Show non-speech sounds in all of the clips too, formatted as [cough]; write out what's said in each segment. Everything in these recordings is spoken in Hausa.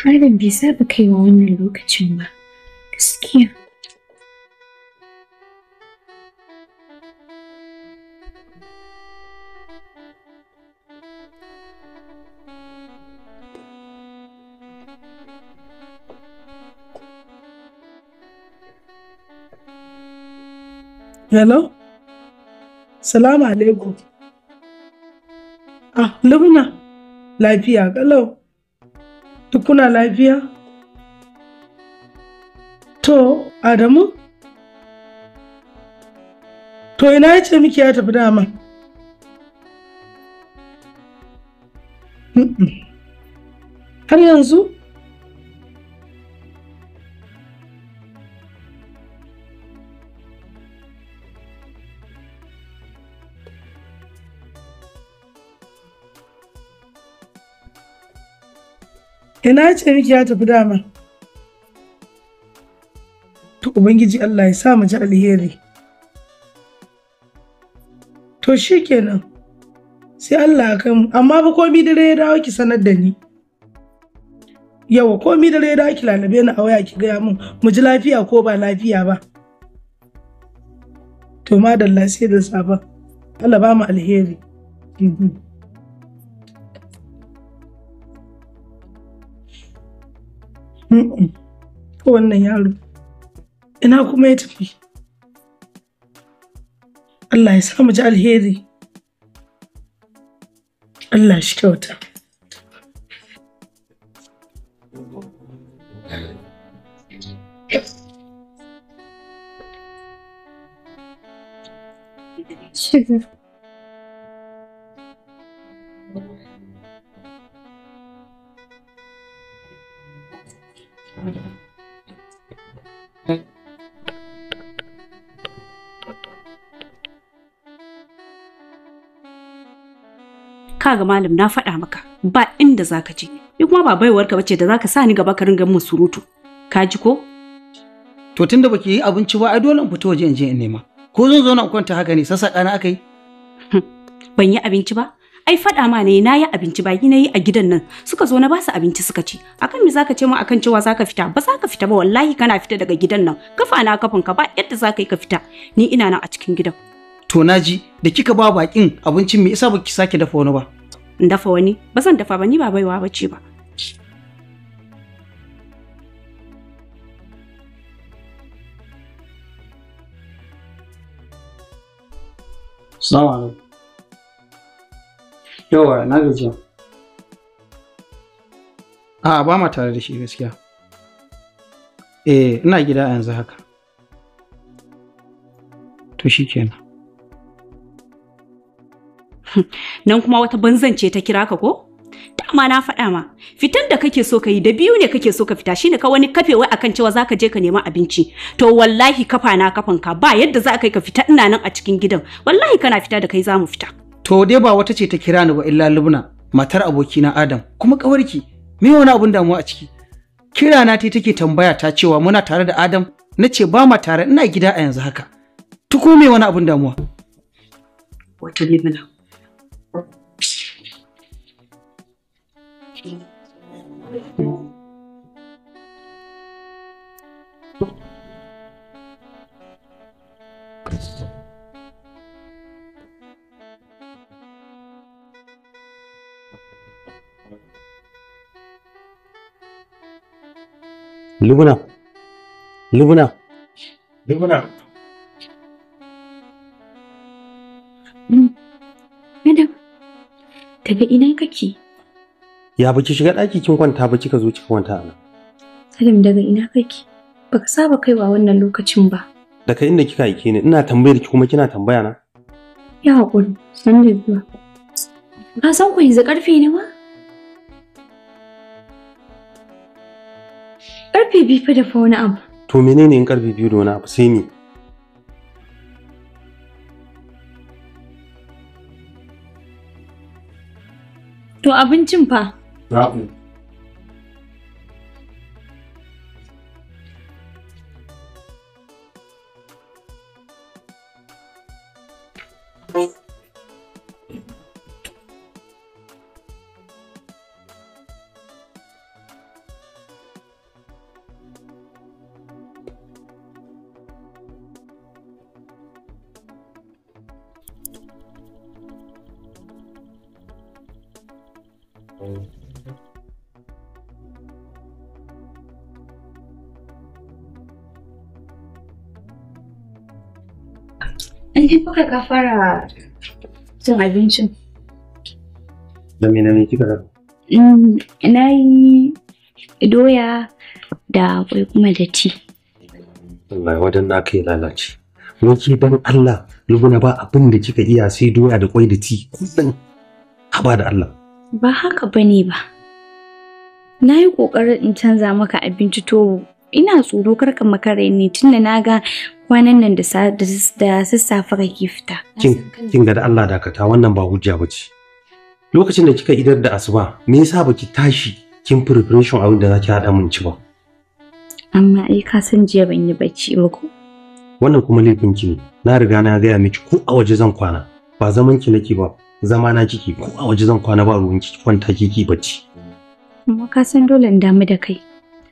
Malam bisa saba kaiwa wannan lokacin ba, gaskiya. Hello? Salam alaikum. Ah, Luna. lafiya kalau duk kuna lafiya to adamu to ina ya ce miki ya tafi dama har yanzu Ina ce miki ya tafi dama. To Ubangiji Allah ya sa mu ji alheri. To shi kenan, sai Allah ya kai mu, amma fa komi dare ya dawo ki sanar da ni. Yawa komi dare ya dawo ki lalabe ni a waya ki gaya min mu ji lafiya ko ba lafiya ba. To madalla sai da safa, Allah ba mu alheri. Mm-hmm. wannan yaro ina kuma ya tafi Allah ya samu ji alheri Allah shi kyauta ga malam na faɗa maka ba inda zaka je ni kuma ba baiwarka bace da zaka sa ni gaba ka ringa min surutu ka ji ko to tunda baki yi abinci ba ai dole in fito waje in je in nema ko zan zo na kwanta haka ne sassaƙa kana akai hm, ban yi abinci ba ai faɗa ma ne na yi abinci baki na yi a gidan nan suka zo na ba su abinci suka ci akan me ka ce mu akan cewa za ka fita ba za ka fita ba wallahi kana fita daga gidan nan kafa na kafin ka ba yadda za ka yi ka fita ni ina nan a cikin gidan to naji da kika ba bakin abincin me yasa baki sake dafa wani ba in dafa wani ba zan dafa ba ni ba baiwa bace ba Salamu alaikum. Yawa na A ba ma tare da shi gaskiya. Eh ina gida a yanzu haka. To shi kenan. [laughs] nan kuma wata banzance ta kira ka ko dama na faɗa ma fitan da kake so ka yi da biyu ne kake so ka fita shine ka wani kafe wai akan cewa zaka je ka nema abinci to wallahi kafa na kafan ka ba yadda za ka yi ka fita ina nan a cikin gidan wallahi kana fita da kai zamu fita to dai ba wata ce ta kira ni ba illa lubna matar abokina adam kuma kawarki me wani abun damuwa a ciki kira na ta take tambaya ta cewa muna tare da adam na ce ba ma tare ina gida a yanzu haka tuko me wani abun damuwa wata Lubuna. Lubuna. Lubuna. Mm. Madam, daga ina kake? Ya baki shiga ɗaki kin kwanta ba kika zo kika kwanta a nan. Salim daga ina kake? Baka saba kaiwa wannan lokacin ba. Daga inda kika aike ni ina tambayar ki kuma kina tambaya na. Ya haƙuri, san da zuwa. Ka san ku yanzu ƙarfe ne ma? Ƙarfe biyu fa da fa wani abu. To menene in ƙarfe biyu da wani abu sai ni? To abincin fa? Ja. haka ka fara cin abincin? Dami na me kika raba? Mm, na yi doya da kwai kuma da ci. Allah wadan na yi lalace. Wake dan Allah lubuna ba abin da kika iya sai doya da kwai da ci kullum. Haba da Allah. Ba haka bane ba. Na yi ƙoƙarin in canza maka abinci to ina tsoro karka makare tun da na ga kwanan nan da sassafe kake fita. Kin ga da Allah dakata wannan ba hujja ba ce. Lokacin da kika idar da asuba, me yasa ki tashi kin preparation abin da zaki haɗa mun ci ba? Amma ai ka san jiya ban yi bacci ba ko? Wannan kuma laifin ki ne. Na riga na gaya miki ko a waje zan kwana. Ba zaman ki nake ba, zama na kiki ko a waje zan kwana ba ruwan ki kwanta kiki bacci. Amma ka san dole in damu da kai.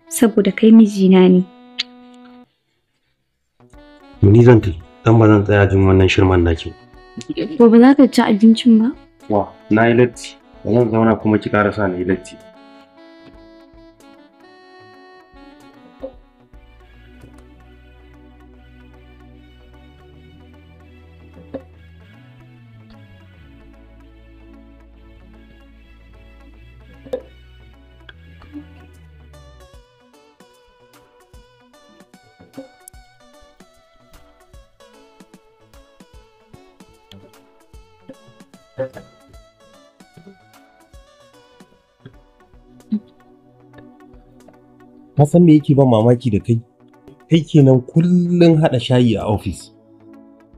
saboda kai mijina ne. Ni zan tafi, dan ba zan tsaya jin wannan shirman naki. Ko ba za ka ci abincin ba? Wa, na yi latti. Ba zan zauna kuma ki ƙarasa na yi latti. ka san me yake ban mamaki da kai kai kenan kullum haɗa shayi a ofis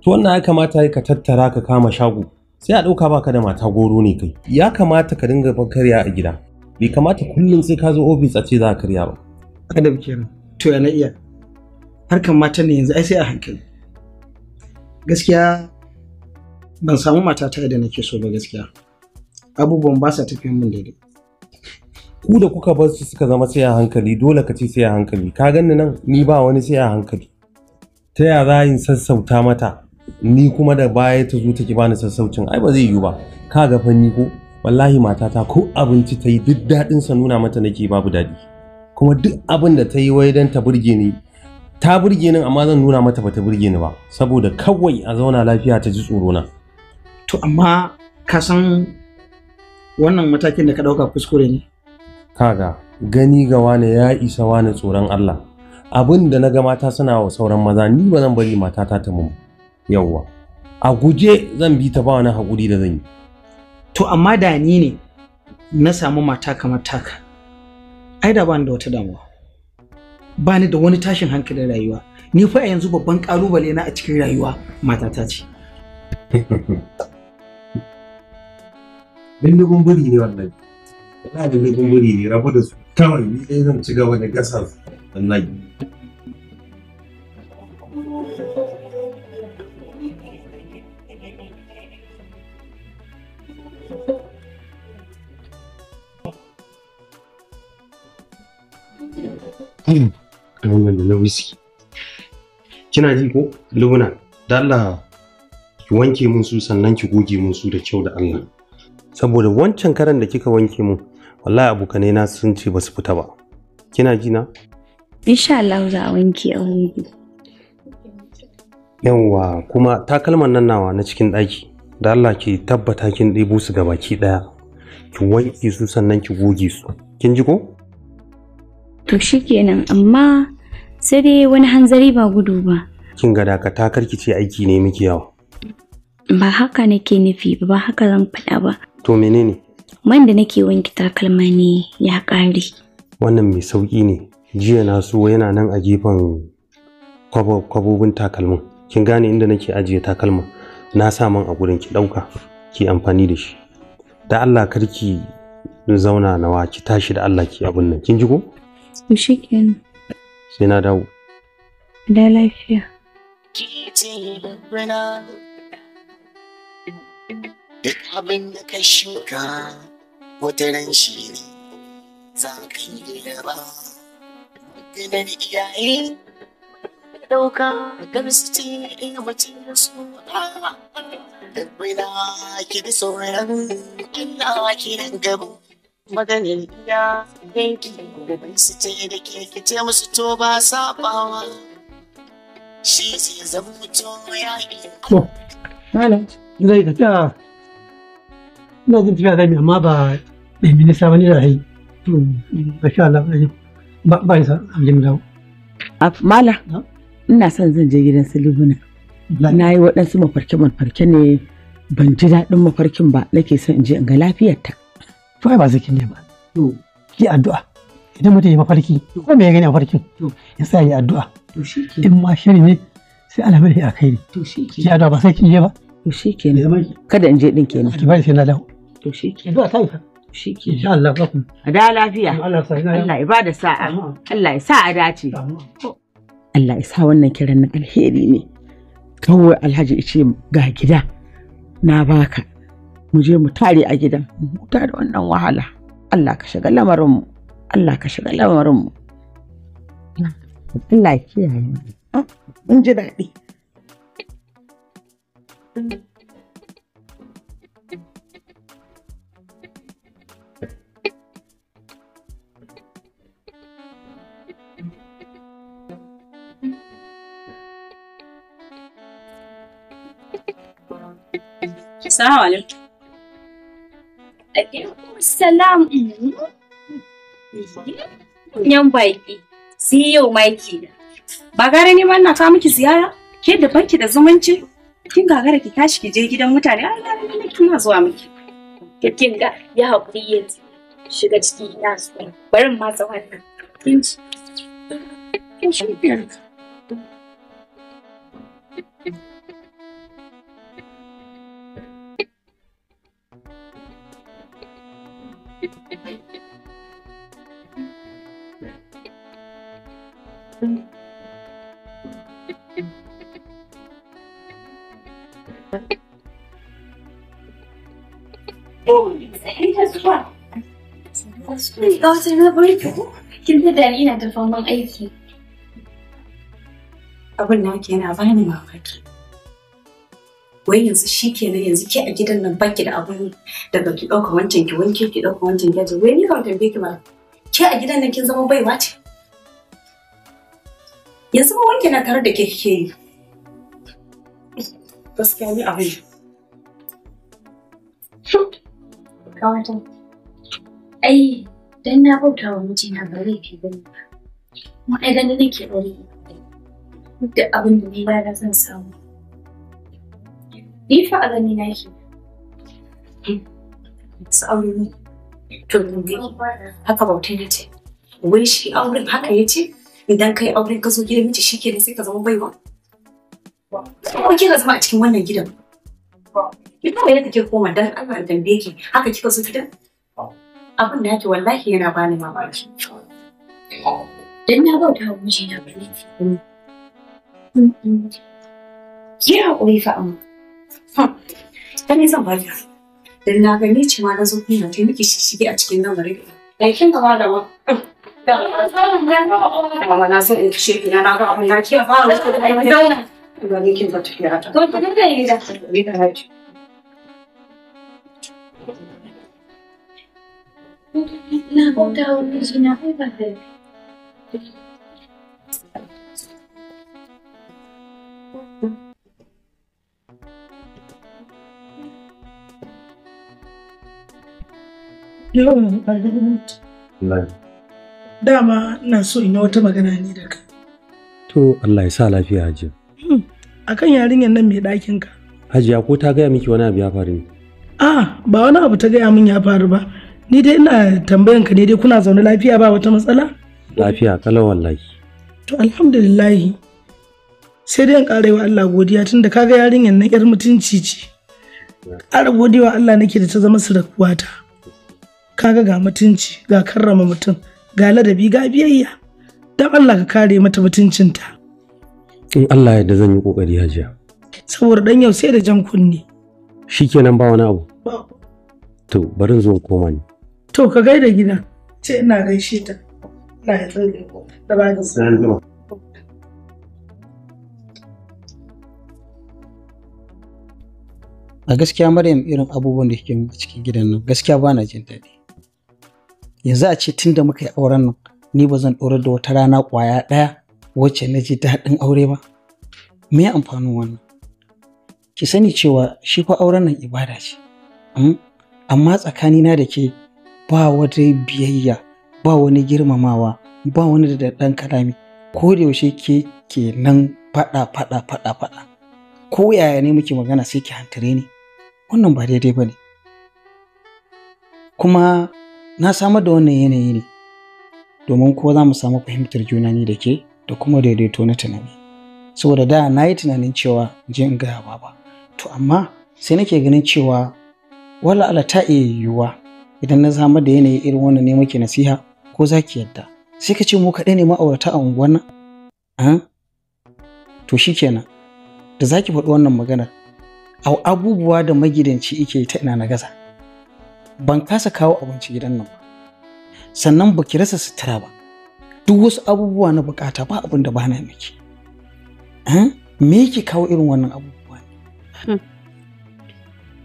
to wannan ya kamata ka tattara ka kama shago sai a ɗauka baka da mata goro ne kai ya kamata ka dinga karya a gida bai kamata kullum sai ka zo ofis a ce za a karya ba adam kenan to ya na iya harkan matan ne yanzu ai sai a hankali gaskiya ban samu matata da nake so ba gaskiya abubuwan ba sa tafiyan min daidai ku da kuka bar su suka zama sai a hankali dole ka ci sai a hankali ka ganni nan ni ba wani sai a hankali ta ya za yin sassauta mata ni kuma da baya ta zo ta ki bani sassaucin ai ba zai yiwu ba ka ga fanni ko wallahi matata ko abinci ta yi duk daɗin sa nuna mata nake babu daɗi kuma duk abin da ta yi wai dan ta burge ni ta burge ni amma zan nuna mata bata burge ni ba saboda kawai a zauna lafiya ta ji tsoro na to amma ka san wannan matakin da ka ɗauka kuskure ne kaga gani ga wane ya isa wane tsoron Allah abin da na ga mata suna wa sauran maza ni ba zan bari matata ta mun yawwa a guje zan bi ta ba wani haƙuri da zan yi to amma da ni ne na samu mata kamar taka ai da ban da wata damuwa ba ni da wani tashin hankalin rayuwa ni fa yanzu babban ƙalubale na a cikin rayuwa matata ce [laughs] bindigun biri ne wannan Ina da nufin wuri ne rabu da su kawai ni dai zan ci gaba da gasa su da na Kina ji ko? Luna, da ki wanke mun su sannan ki goge mun su da kyau da Allah. saboda wancan karan da kika wanke mu wallahi abokane na sun ce ba su fita ba kina ji na insha Allah za a wanke a wani Yawa kuma takalman nan nawa na cikin ɗaki da Allah ke tabbata kin ɗebo su ga baki ɗaya ki wanke su sannan ki goge su kin ji ko to shikenan amma sai dai wani hanzari ba gudu ba kin ga dakata ki ce aiki ne miki yawa ba haka nake nufi ba ba haka zan faɗa ba to menene man da nake wanke takalma ne ya ƙare wannan mai sauƙi ne jiya na so yana nan a gefen kwabobin takalmin kin gane inda nake ajiye takalma na sa man a gurin ki ɗauka ki amfani da shi da Allah karki zauna nawa ki tashi da Allah ki abin nan kin ji ko shi sai na dawo da lafiya duk abin da ka shuka ran shi ne za ka yi gaba maganar iyaye ɗauka gamsu ce in mace su da gwina ki da sauran ina kiran gaba maganar iyaye ki da gamsu ce da ke ce musu to ba sabawa shi zai zama ya yi. Malam, zai tafiya ina jin tafiya zai amma ba mai minista wani da yi masha Allah ba ba isa abin dawo mala ina son zan je gidan su silibuna na yi waɗansu mafarke-mafarke ne ban ji daɗin mafarkin ba nake son in je in ga lafiyarta to ai ba zaki ne ba ki addu'a idan mutum ya mafarki ko me ya gani mafarkin ya sa ya addu'a in ma shiri ne sai alhamdulillah a kai ne ki addu'a ba sai kin je ba To shi kenan. Kada in je din kenan. Albai sai na dawo. To shi kenan. Zuwa ta Shi kenan. Insha Allah ba ku. A da lafiya. Allah sa ina. Allah ya ba da sa'a. Allah ya sa a dace. Allah ya sa wannan kiran na alheri ne. Kawai Alhaji ya ce ga gida na baka. Mu je mu tare a gidan. Mu tare wannan wahala. Allah ka shiga lamarinmu. Allah ka shiga lamarinmu. Allah ya kiyaye mu. Ah, mun ji daɗi. السلام عليكم عليكم السلام yan baki sai e yau maki ba gara neman na kawo miki ziyara ke da banki da zumunci kin gagara ki tashi ki je gidan mutane ai ga ni kina zuwa miki to kin ga ya hakuri yanzu shiga ciki ina so barin ma sa wannan kin ci kin shi Thank you. Mai ƙawata na bari ki ko? Kin ta da da faman aiki. Abin na yana bani mamaki. Wai yanzu shi ke nan yanzu ke a gidan nan baki da abin da baki ɗauka wancan ki wanke ki ɗauka wancan ki wai ni kan tambaye ki ba ke a gidan nan kin zama baiwa ce. Yanzu ma wanke na tare da ke kike yi. Gaskiya ni abin. Kawata. Ai, dan na bauta wa mijina ba zai fi ne ba Mu ai ganin nake ɗaure duk da abin da ni rana zan samu ni fa a gani na ke su ne to dindin haka bautai na ce wai shi auren haka ya ce idan kai auren ka zo gidan miji shi kenan sai ka zama baiwa ko kika zama a cikin wannan gidan Ina ba da kika koma dan Allah dan ki haka kika so gidan? abin da yake wallahi yana bani mamaki dan na bauta wa mijina na ne ki koyi fa amma ta ne zan baki dan na ga ni cewa na zo na ta miki shishige a cikin lamarin da kin gaba da ba. Mama na san in kishe ki na na ga abin da ke fara wasu da Ga ni kin fata ki ta. To ki da yi da. Ni da haji. Na huta ulizi na huwa Dama ina so in wata magana ne da ka. To Allah ya sa lafiya hajiya. Hmm, a kan yarinyar nan mai ɗakin ka. Hajiya ko ta gaya miki wani abu ya faru ne? A ah, ba wani abu ta gaya min ya faru ba. ni dai ina tambayan ka ne dai kuna zaune lafiya ba wata matsala lafiya kalau wallahi to alhamdulillah sai dai an karewa Allah godiya tunda kaga yarinyar na yar mutunci ce ƙara godewa Allah nake da ta zama ta, kaga ga mutunci ga karrama mutum ga ladabi ga biyayya don Allah ka kare mata mutuncinta in Allah ya da zan yi kokari hajiya saboda dan yau sai da jan kunni shikenan ba wani abu to bari zo koma ni To ka gaida gida. Ce ina gaishe ta. Ina ya tsare ko. Da ba A gaskiya Maryam irin abubuwan da kike a cikin gidan nan gaskiya ba na jin daɗi. Yanzu a ce tun muka yi auren nan ni ba zan ɗorar da wata rana ƙwaya ɗaya wacce na ji daɗin aure ba. Me amfanin wannan? Ki sani cewa shi fa auren nan ibada ce. Hmm? Amma tsakanina da ke ba wata biyayya ba wani girmamawa ba wani da ɗan kalami ko da yaushe ke ke nan faɗa faɗa faɗa faɗa ko yaya ne muke magana sai ki hantare ni wannan ba daidai ba ne kuma na samar da wannan yanayi ne domin ko za mu samu fahimtar juna ni da ke da kuma daidaito na tunani saboda da na yi tunanin cewa je in gaya ba to amma sai nake ganin cewa wala ala ta iya yiwuwa idan na samar da yanayi irin wannan ne muke nasiha ko za ki yadda sai ka ce mu kaɗai ne ma'aurata a unguwar nan to shikenan da za ki faɗi wannan magana a abubuwa da magidanci ike ta ina na gaza ban kasa kawo abinci gidan nan ba sannan ba ki rasa sutura ba duk wasu abubuwa na bukata ba abin da ba na miki me yake kawo irin wannan abubuwa hmm.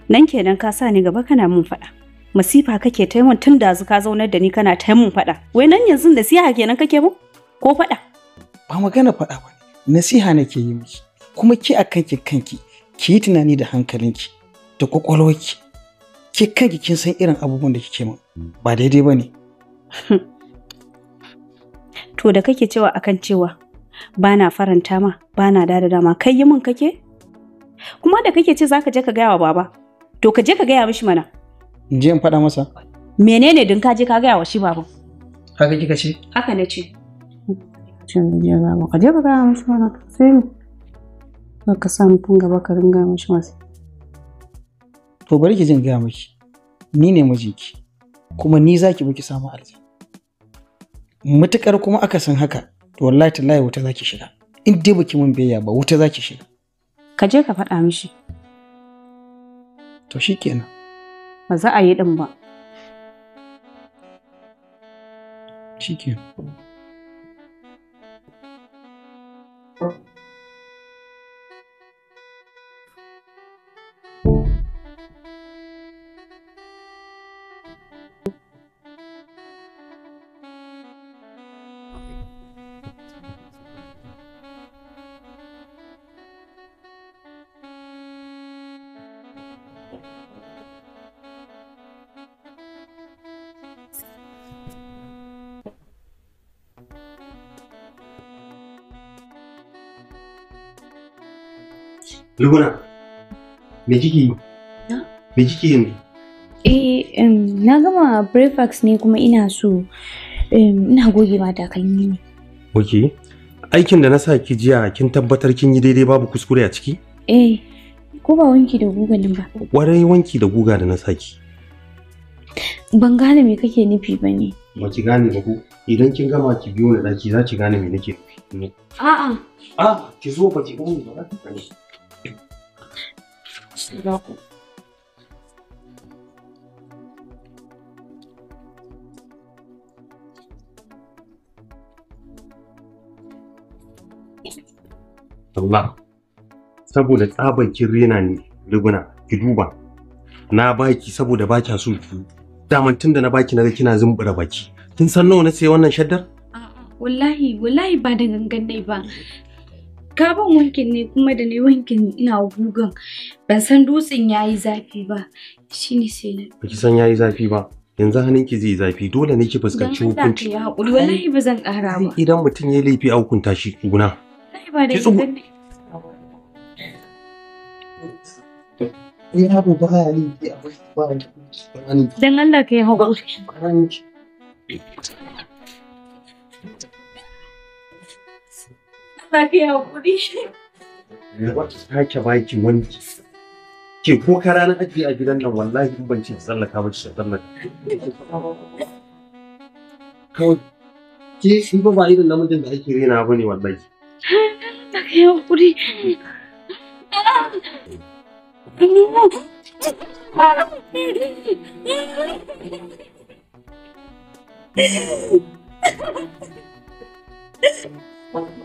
nan kenan ka sa ni gaba kana mun faɗa masifa kake ta yawan tun da ka zaunar da ni kana ta mun faɗa wai nan yanzu nasiha kenan kake mu ko faɗa ba magana faɗa ba nasiha nake yi miki kuma ki a kanki kanki ki yi tunani da hankalinki da kwakwalwarki ki kanki kin san irin abubuwan da kike mun. ba daidai ba ne [laughs] to da kake cewa akan cewa ba na faranta ma ba na da dama kai yi min kake kuma da kake ce zaka je ka gaya wa baba to ka je ka gaya mishi mana in je in faɗa masa menene din ka je ka gaya wa shi babu haka kika ce haka na ce can je ga ba ka je ka gaya masa wannan sai ne ka sa mutum gaba ka ringa mishi wasu to bari ki jin gaya miki ni ne mijinki kuma ni zaki baki samu arziki mutukar kuma aka san haka to wallahi tallahi wuta zaki shiga in dai baki mun biyayya ba wuta zaki shiga ka je ka faɗa mishi to shikenan ba za a yi ɗin ba. Shike. Luguna, me jiki yi? Me jiki yi? Eh, na gama breakfast ne kuma ina so ina goge ma takalmi ne. Ok, aikin da na sa ki jiya kin tabbatar kin yi daidai babu kuskure a ciki? Eh, ko ba wanki da guga nan ba. Warai wanki da guga da na sa ki. Ban gane me kake nufi ba ne. Ba ki gane ba ko idan kin gama ki biyo da daki za ki gane me nake nufi. A'a. A ah, ki zo ba ki gane ba za ki gane. Sila ko. Allah, saboda tsabar kin rena ne riguna, ki duba. Na baki saboda ba kya so Daman tun da na baki naga kina zumbura baki. Kin san nawa na sayi wannan shaddar? A'a, wallahi, wallahi ba da gangan ba. ka ban wankin ne kuma da ne wankin ina gugan ban san dutsen yayi zafi ba shine sai na ba ki san yayi zafi ba yanzu ki zai zafi dole ne ki fuskanci hukunci ya hakuri wallahi ba zan kara ba idan mutum ya laifi a hukunta shi sai ba da ne dan Allah ka yi Allah ka yi hakuri. Wata sake baki wanki. Ke ko ka ranar ajiye a gidan nan wallahi in ban ce tsallaka ba ce tsallaka. Kawai ke shi ba ba irin namijin da ake rena ba ne wallahi. Allah ka yi hakuri. Thank you.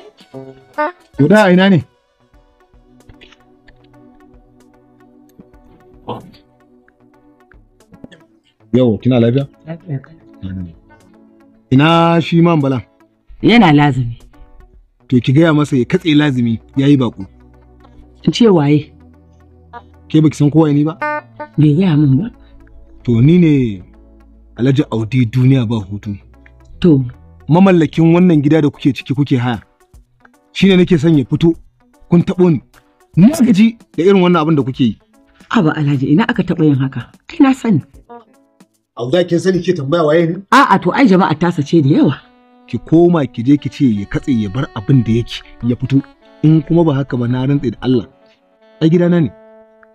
Yaudah, a ina ne? Yau, kina lafiya? Ina shi man balan? Yana lazimi. To ki gaya masa ya katse lazimi ya yi baƙo. In ce waye? Ke baki san kowa ni ba? Bai gaya min ba. To ni ne Alhaji Audi duniya ba hutu. To. Mamallakin wannan gida da kuke ciki kuke haya. shine nake son ya fito kun tabo ni na gaji da irin wannan abin da kuke yi Aba Alhaji ina aka taɓa yin haka kai na sani Allah kin sani ke tambaya waye ne a'a to ai jama'a tasa ce da yawa ki koma ki je ki ce ya katse ya bar abin da yake ya fito in kuma ba haka ba na rantse da Allah ai gidana ne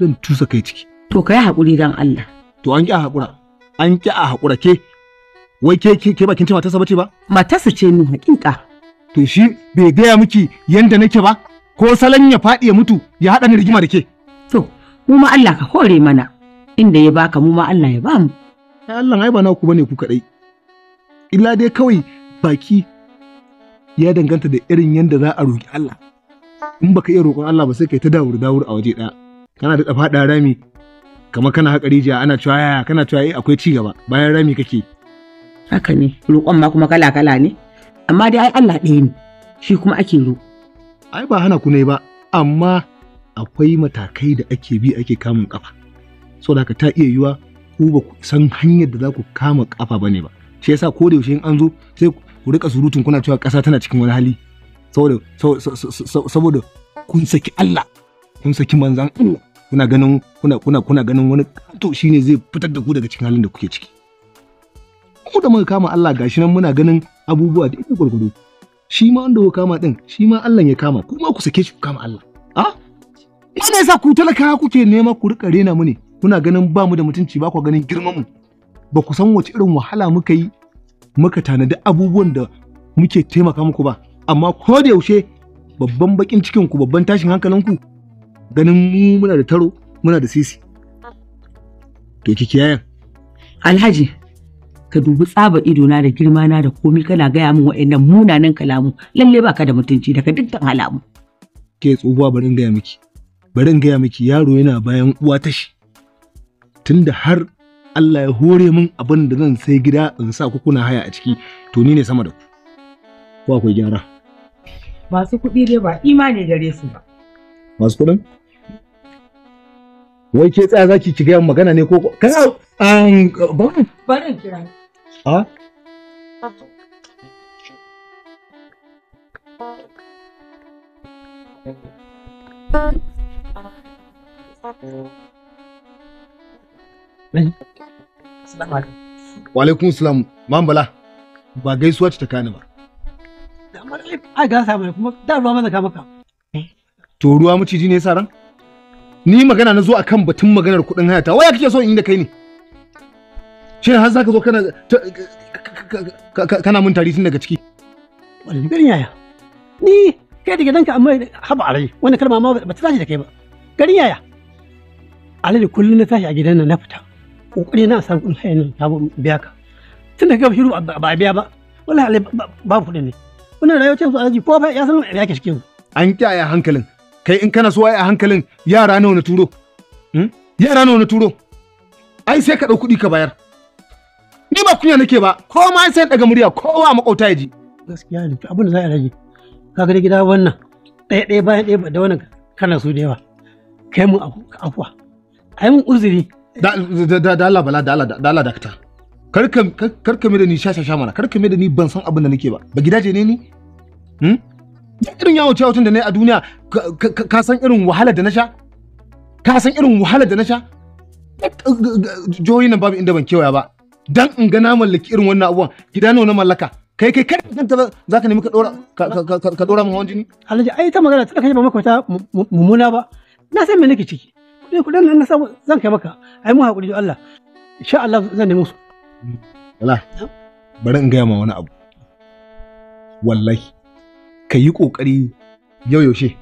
zan tusa kai ciki to kai hakuri dan Allah to an ki a hakura an ki a hakura ke wai ke ke bakin ce matarsa bace ba matarsa ce ni hakika to shi bai gaya miki yanda nake ba ko salon ya faɗi ya mutu ya haɗa ni rigima da ke. To, mu ma Allah ka hore mana inda ya baka mu ma Allah ya bamu. Ai Allah ai ba na ku bane ku kaɗai. Illa dai kawai baki ya danganta da irin yanda za a roƙi Allah. In baka iya roƙon Allah ba sai kai ta dawur dawur a waje ɗaya. Kana da ɗafa ɗa rami kamar kana haƙa rijiya ana cewa kana cewa eh, akwai ci gaba bayan rami kake. Haka ne roƙon ma kuma kala kala ne. amma dai ai Allah ɗaya ne shi kuma ake roƙo ai ba hana ku ne ba amma akwai matakai da ake bi ake kamun kafa saboda ka ta iya yiwa ku ba ku san hanyar da za ku kama kafa ne ba shi yasa ko da yaushe in an zo sai ku rika surutun kuna cewa ƙasa tana cikin wani hali saboda saboda kun saki Allah kun saki manzan Allah kuna ganin kuna kuna kuna ganin wani to shine zai fitar da ku daga cikin halin da kuke ciki mu da muka kama Allah gashi nan muna ganin abubuwa da ido gurgudu shi ma wanda kuka kama din shi ma Allah ya kama kuma ku sake shi ku kama Allah a ina yasa ku talaka kuke nema ku rika rena mu ne kuna ganin ba mu da mutunci ba ku ganin girman mu ba ku san wace irin wahala muka yi muka tanadi abubuwan da muke taimaka muku ba amma ko da yaushe babban bakin cikin ku babban tashin hankalin ku ganin mu muna da taro muna da sisi to kike yayan alhaji ka dubi tsaba idona da girma na da komi kana gaya min wa'annan munanan kalamu lalle baka da mutunci daga dukkan halamu ke tsohuwa bari in gaya miki bari in gaya miki yaro yana bayan uwa ta shi tunda har Allah ya hore min abin da zan sai gida in sa ku kuna haya a ciki to ni ne sama da ku ko akwai gyara masu kuɗi dai ba imani gare su ba masu kuɗin wai ke tsaya zaki ki gaya magana ne ko kana barin barin kira Ha? Wa alaikum salam. Mam Bala. Ba gaisuwa ce ta kani ba. Ai ga samu kuma da ruwa mana ka maka. To ruwa maciji ne yasa ran? Ni magana na zo akan batun maganar kuɗin hayata. Waya kake so in yi da kai ne? shin har zaka zo kana kana mun tari tun daga ciki ni bin yaya ni kai da gidanka amma haba alai wani kalma ma ba ta tashi da kai ba garin yaya alai kullum na tashi a gidan nan na fita kokari na san kun hayan ta biya ka tun daga shiru ba biya ba wallahi alai ba kuɗin ne wannan rayuwar cin su aji ko fa ya san ya ke cikin an kiyaye hankalin kai in kana so ai a hankalin yara nawa na turo hmm? yara nawa na turo ai sai ka ɗau kuɗi ka bayar ni ba kunya nake ba ko ma sai daga murya kowa makauta yaji gaskiya ne to abin da za a rage kaga da gida wannan ɗaya ɗaya bayan ɗaya da wannan kana su da yawa kai mun afuwa ai mun uzuri da da da Allah bala da Allah da Allah dakta karka karka mai da ni shasha mana karka mai da ni ban san abin da nake ba ba gidaje ne ni hmm irin yawo cewatun da ne a duniya ka san irin wahala da na sha ka san irin wahala da na sha jihohi nan babu inda ban kewaya ba dan in ga na mallaki irin wannan abubuwan gida nawa na mallaka kai kai kai kanta za ka nemi ka dora ka dora mu hawan jini alhaji ai ta magana ta kai ba maka wata mummuna ba na san me nake ciki kudin kudin nan na san zan kai maka ai mu hakuri da Allah insha Allah zan nemi su wala bari in ga ma wani abu wallahi kai yi kokari yau yaushe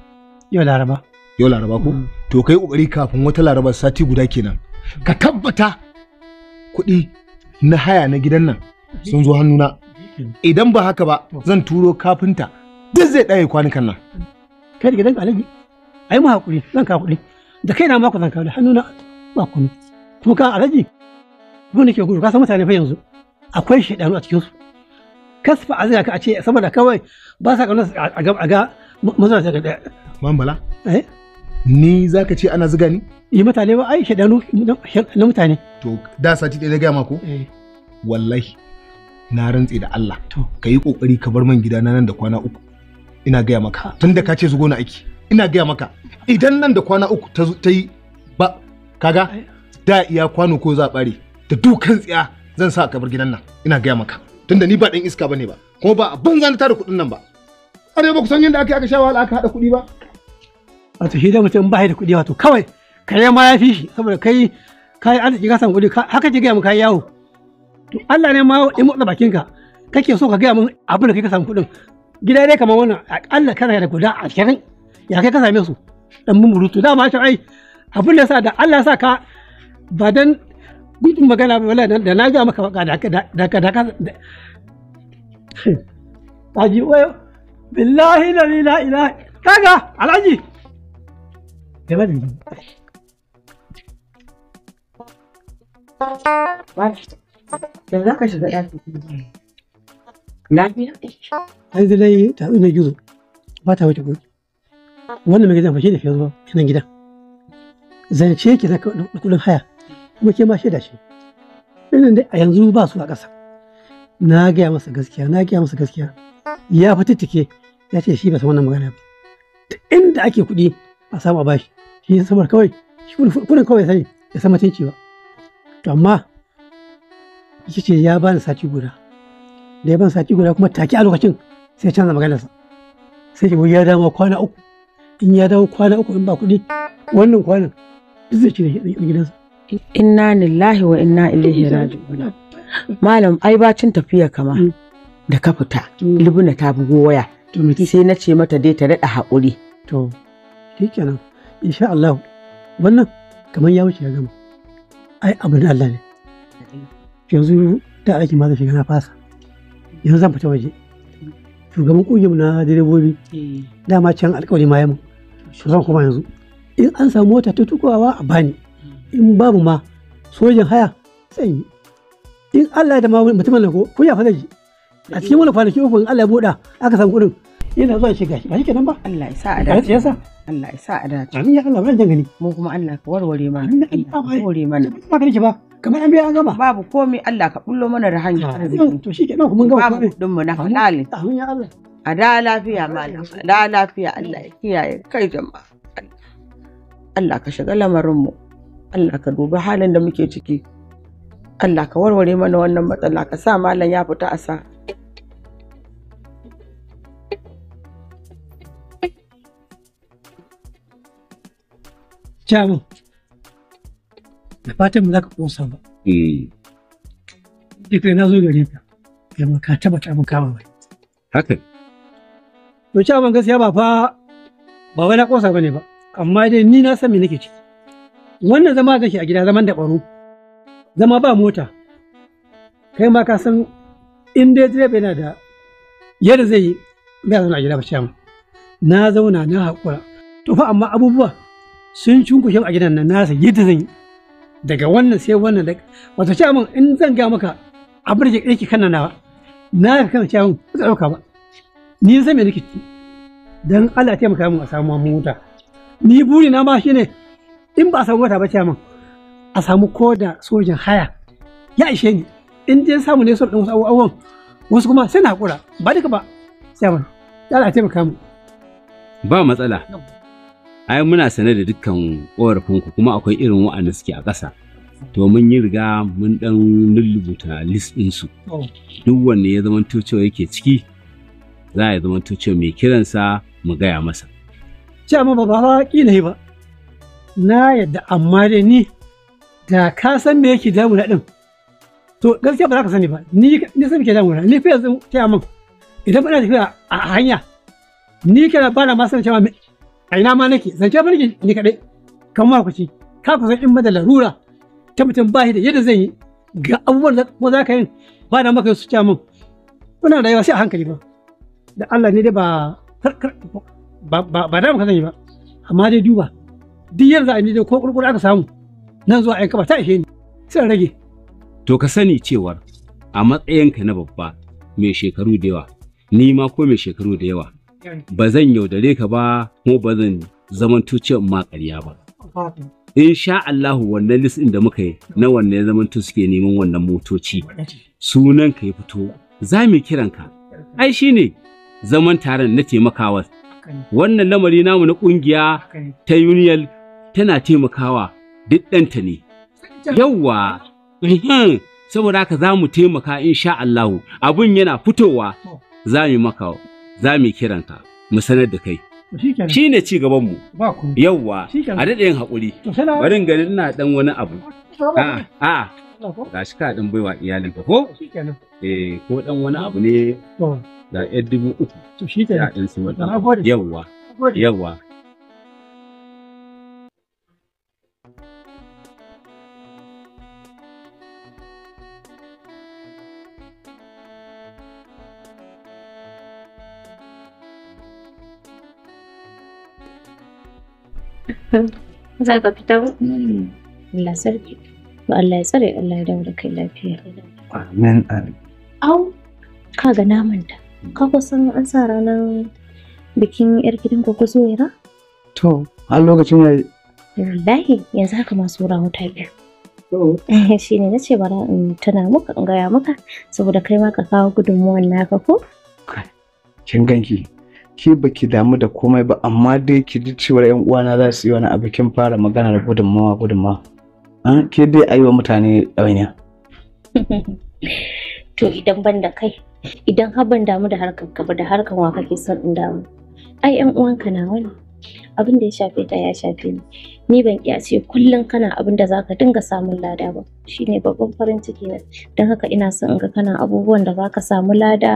yau laraba yau laraba ko mm. to kai kokari kafin wata laraba sati guda kenan ka tabbata kudi na haya na gidan nan sun zo hannuna idan ba haka ba zan turo kafinta duk zai ɗaya kwanukan nan kai da ka alaji ai mu hakuri zan kawo hakuri da kai na mako zan kawo hannuna ba kuma to ka alaji ne ke gudu ka san mutane fa yanzu akwai shaidanu a cikin su kasfa azaka ka a ce saboda kawai ba sa kaunar a ga mazan sai ga ɗaya mambala? eh ni za ka ce ana ziga ni? Yi mutane ba ai shaɗanu na mutane. To da sati ɗaya gaya mako? Eh. Wallahi na rantse da Allah. To ka yi ƙoƙari ka bar man gida na nan da kwana uku. Ina gaya maka tun da ka ce zugo na aiki. Ina gaya maka idan nan da kwana uku ta yi ba kaga da iya kwano ko za ɓare da dukan tsiya zan sa ka bar gidan nan. Ina gaya maka tun da ni ba ɗan iska ba ne ba kuma ba a zan ta tara kuɗin nan ba. Are ba ku san yadda aka yi aka sha aka haɗa kuɗi ba. wato shi zai mutum bashi da kuɗi wato kawai kare ma ya fi shi saboda kai kai an ka samu kuɗi haka ji gaya mu kai yawo to Allah ne ma in motsa bakin ka kake so ka gaya mun abin da kai ka samu kuɗin gida dai kamar wannan akalla kana da guda ashirin ya kai ka same su dan mun da ma shi ai abin da sa da Allah sa ka ba dan gudun magana ba wallahi da na ga maka da da da da ka ji wayo billahi la ilaha illa kaga alaji Demedim ben. Var. Neden kaçırdın? Lafiya? Ai da dai ta ina gizo. Ba ta wuce gudu. Wannan mai gidan fa shi da fiye nan gidan. Zance yake da kudin haya. Kuma ke ma shaida shi. Irin dai a yanzu ba su a ƙasa. Na gaya masa gaskiya, na gaya masa gaskiya. Ya fi tittike ya ce shi ba san wannan magana ba. Inda ake kuɗi a samu a bashi shi samar kawai shi kudin kawai sai ya san cin ba to amma shi ce ya bani sati guda da ya bani sati guda kuma take a lokacin sai canza maganarsa sai ki ya dawo kwana uku in ya dawo kwana uku in ba kuɗi wannan kwanan duk zai cire gidansa inna lillahi wa inna ilaihi raji'un malam ai bacin tafiya kama mm. da ka fita mm. libuna ta bugo waya sai na ce mata dai ta daɗa haƙuri shi kenan insha Allah wannan kamar ya wuce ya gama ai abin Allah ne yanzu ta aiki ma zai shiga na fasa yanzu zan fita waje shugaban kungiyar na direbobi eh. dama can alkawari ma yamma to zan kuma yanzu in an samu mota ta tukowa a bani in babu ma sojin haya sai yi in Allah ya da ma mutumin nan ko kun ya fada shi a cikin wani kwanaki uku in Allah ya buɗa aka samu kuɗin yana zuwa shiga shi ba shi kenan ba Allah ya sa a dace Allah ya sa a dace. Amin ya Allah bari dangane. Mu kuma Allah ka warware mana. Allah ka warware mana. Ba ka ba. Kamar an biya gaba. Babu komai Allah ka bullo mana da hanya. Ah, to shi kenan mun gama. Babu din mu na halali. Amin ya Allah. A da lafiya malam. A da lafiya Allah ya kiyaye kai jama'a. Allah ka shiga lamarin mu. Allah ka dubi halin da muke ciki. Allah ka warware mana wannan matsala ka sa malam ya fita a sa. Jamu, da fatan mu za ka kosa ba. Hmm. Duk da na zo gare ka, yamma ka tabbata mun kama bai. Haka. To Jamu gaskiya ba fa ba wai na kosa bane ba, amma dai ni na san me nake ciki. Wannan zama kake a gida zaman da baro. Zama ba mota. Kai ma ka san in dai direba yana da yadda zai yi, bai zauna a gida ba Jamu. Na zauna na haƙura. To fa amma abubuwa sun cunkushe a gidan nan nasa yadda zan yi daga wannan sai wannan da wato ce min in zan ga maka abin da yake kan nawa na kan ce min ba dauka ba ni zan me nake ci dan Allah ya taimaka mun a samu mota ni buri na ma shine in ba a samu mota ba ce min a samu koda sojin haya ya ishe ni in dai samu ne sun ɗin wasu abubuwan wasu kuma sai na haƙura ba duka ba sai mun Allah ya taimaka mun. ba matsala ai muna sane da dukkan ƙorafinku kuma akwai irin wa'anda suke a ƙasa to mun yi riga mun dan lullubuta list ɗinsu oh. duk wanne ya zama cewa yake ciki za a zama cewa mai kiransa mu gaya masa ce amma ba ba kila ba na yadda amma dai ni da ka san me yake damuna din to gaskiya ba za ka sani ba ni ni san me ke damuna ni fi yanzu ce min idan ba na tafiya a hanya ni kana ba na ma san cewa a ina ma nake zance ba nake ni kadai kan ma kuci ka ku san in ba da larura ta mutum ba da yadda zan yi ga abubuwan da ko za ka yi ba da maka su min muna rayuwa sai a hankali ba da Allah ne dai ba ba da maka zan yi ba amma dai duba duk yadda a ni dai ko kurkuru aka samu nan zuwa ayyuka ba ta ishe ni sai rage to ka sani cewar a matsayinka na babba mai shekaru da yawa ni ma ko mai shekaru da yawa ba zan yaudare ka ba ko ba zan zamanto cewa ma ƙarya ba. In sha Allahu wannan list da muka yi na wannan zamanto suke neman wannan motoci sunan ka ya fito za mu kiran ka. Ai shi ne zaman taron na taimakawa. Wannan lamari namu na ƙungiya ta Union tana taimakawa duk ɗanta ne. Yawwa, saboda haka za mu taimaka in sha Allahu abin yana fitowa za mu maka za mu kiranka mu sanar da kai shi ne ci gabanmu yauwa a daɗe yin haƙuri barin ganin ina ɗan wani abu a ga shi ka ɗan baiwa ka ko eh ko ɗan wani abu ne ga yar dubu uku ya ɗan yauwa yauwa [laughs] za ka fita ba mm. Allah sarki ba Allah ya tsare Allah ya dawo kai lafiya amin amin au kaga namanta ka kusan an sa ranar bikin yar gidan ku ku zuwa to har lokacin yayi wallahi yanzu haka masu wuta biyu [laughs] shi ne na ce bara in tana muka in gaya muka saboda kai ma ka kawo gudunmuwan naka ko kin ganki ke baki damu da komai ba amma dai ki ji cewar yan uwana za su yi wani abu kin fara magana da gudunmawa gudunmawa an ke dai a yi wa mutane ɗawainiya [laughs] to idan ban da kai idan har ban damu da harkar ka da harkar wa kake son in damu ai yan uwanka na wani abin da ya shafe ta ya shafe ni ni ban iya ce kullum kana abin da zaka dinga samun lada ba shine babban farin ciki na don haka ina son in ga kana abubuwan da zaka samu lada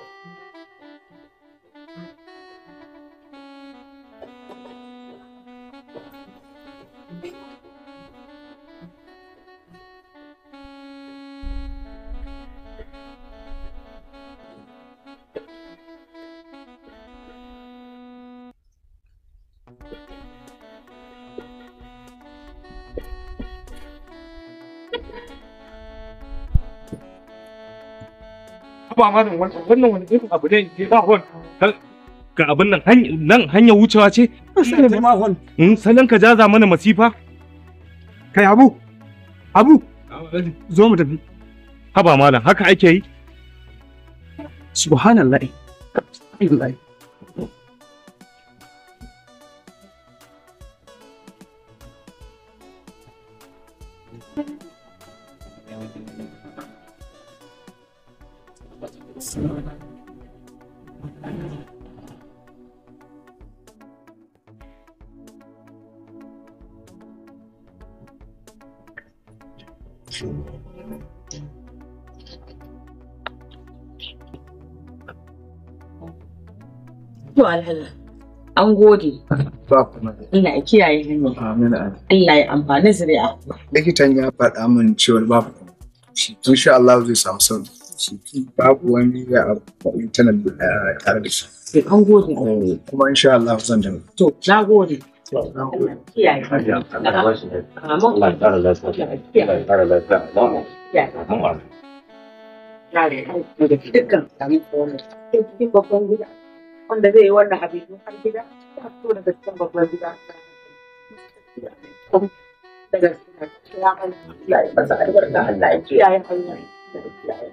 ba malam wannan wani irin abu ne ke hon ga abin nan nan hanyar wucewa ce hmm, salon ka jaza mana masifa kai abu abu zo mu tafi haba malam haka ake yi subhanallah An gode. Allah ya kiyaye hanya. Amin. Allah ya amfani zuri'a. Likitan ya faɗa min cewa babu in sha Allah zai samu sauki. Babu wani ya abu intanet tare da shi. An gode. Kuma in Allah zan da. To, na gode. Kiyaye. Allah ya ƙara lafiya. Allah ya ƙara lafiya. Kiyaye. Dukkan. Dukkan babban gida. wanda zai yi wannan abin har gida ta fito daga cikin babban gida daga cikin ya mana ya yi masa albarka Allah ya kiyaye hanyar da kiyaye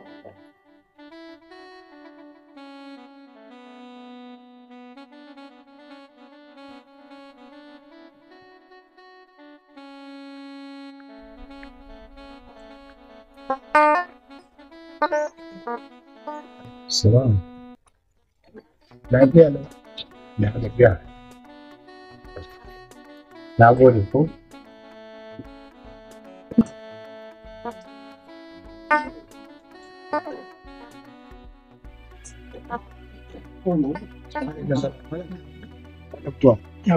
Salam. lafiya na ya tafiya na gode ko Allah. ya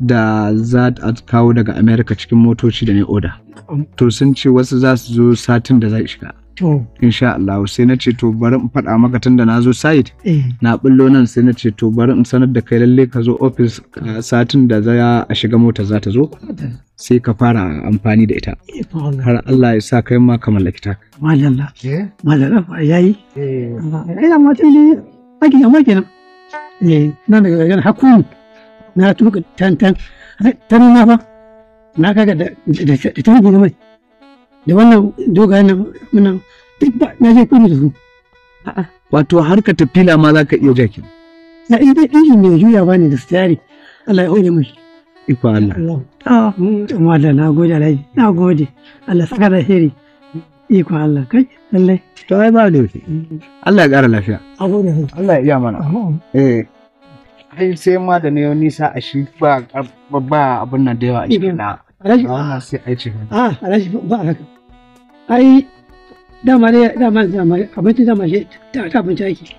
da za a kawo daga america cikin motoci da na oda um. to sun ce wasu za su zo satin da zai shiga insha Allah sai na ce to bari in faɗa maka tun da na zo site eh. na bullo nan sai na ce to bari in sanar da kai lalle ka zo office satin da za a shiga mota za ta zo sai ka fara amfani da ita eh, har Allah ya sa kai ma ka mallaki ta malalla ya yi. eh ina ma tun ne ake amma kenan eh nan daga ganin hakuri na tuka tantan tan na fa na kaga da da tan na mai da wannan doga nan muna duk ba na je kuma da su wato har ka tafila ma zaka iya jaki na inda injin ne juya ba ne da tsari Allah ya hore mai iko Allah ah amma da na gode Allah na gode Allah saka da hiri iko Allah kai lallai to ai ba da mm. Allah ya kara lafiya a gode Allah ya iya mana eh kai sai ma da na nisa a shi ba ba abin nan da yawa a cikin na alashi ba sai a ce a alashi ba haka ai dama ne dama dama abinci dama shi ta abinci ake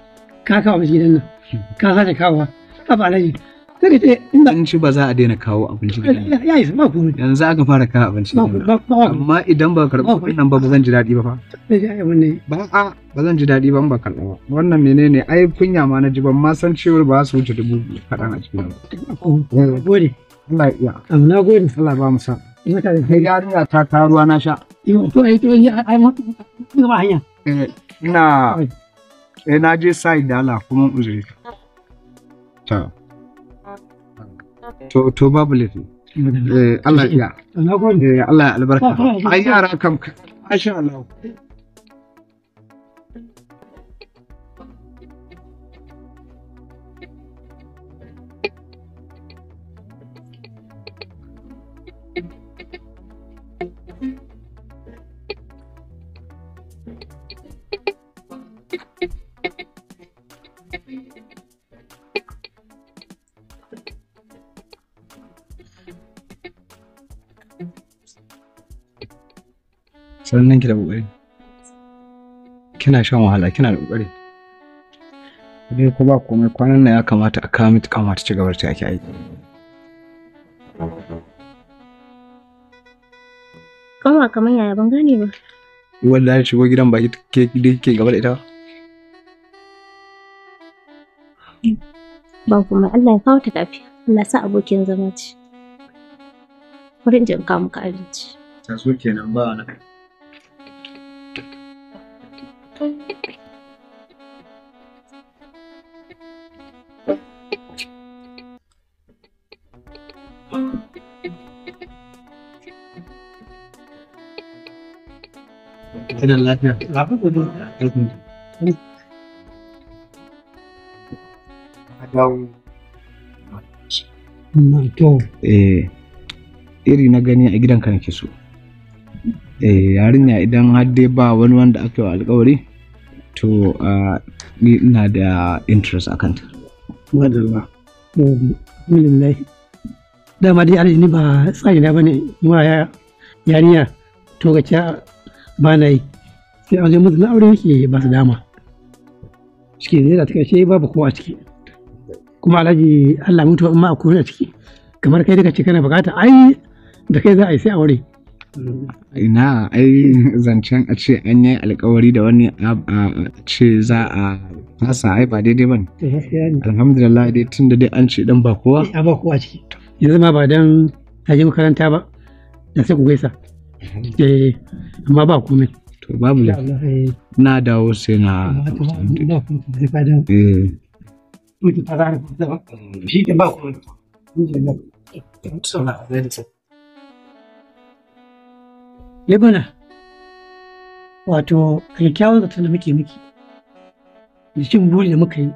ka kawo abinci gidan nan hmm. ka sace kawo ba alashi sai ka ce ina in shi ba za a daina kawo abinci gidan ya yi ba ku yanzu aka fara kawo abinci gidan amma idan ba karɓi wannan ba zan ji daɗi ba fa ba a ba zan ji daɗi ba ba karɓa ba wannan menene ai kunya ma na ji ban ma san cewar ba su wuce dubu kaɗan a cikin ba eh. gode Allah ya amma na gode Allah ba mu sa yarinya ta kawo na sha to eh, ai to ai ma ba hanya eh, ina eh na je sai dala kuma uzuri ta to to babu laifi eh, Allah ya eh, Allah ya albarka ai yara kam insha Allah sannan ki da ƙoƙari kina shan wahala kina da ƙoƙari dai ko ba komai kwanan nan ya kamata a kawo miki kamata ci gabar ta ake aiki kama kamar yaya ban gane ba wallahi shigo gidan baki ke ke gaba da ita ba kuma Allah ya kawo ta lafiya Allah sa abokin zama ce wurin jin kawo ka abinci ta so kenan ba na Tana lafiya. Lafiya ko dai? dawo. Na to. Eh, iri na gani a gidanka nake so. eh yarinya idan har dai ba wani wanda aka yi alkawari to a ina da interest akan ta madalla alhamdulillah dama dai alhaji ba tsari na bane ma ya yarinya to ga gaciya ba na yi sai an zai mutu na aure yake ba su dama ciki zai da ta ƙarshe babu kowa a ciki kuma alhaji allah mutu ba ma a kuri a ciki kamar kai daga cikin kana bukata ai da kai za a yi sai aure Ina ai zancen a ce an yi alkawari da wani a ce za a fasa ai ba daidai bane. Alhamdulillah dai tun dai an ce dan ba kowa. A ba kowa ciki. Yanzu ma ba dan a yi makaranta ba da sai ku gaisa. amma ba komai. To babu na dawo sai na. Eh. ta zara ba. Shi ba Libana, wato kyakkyawar zaton da muke miki, da cin buri da muka yi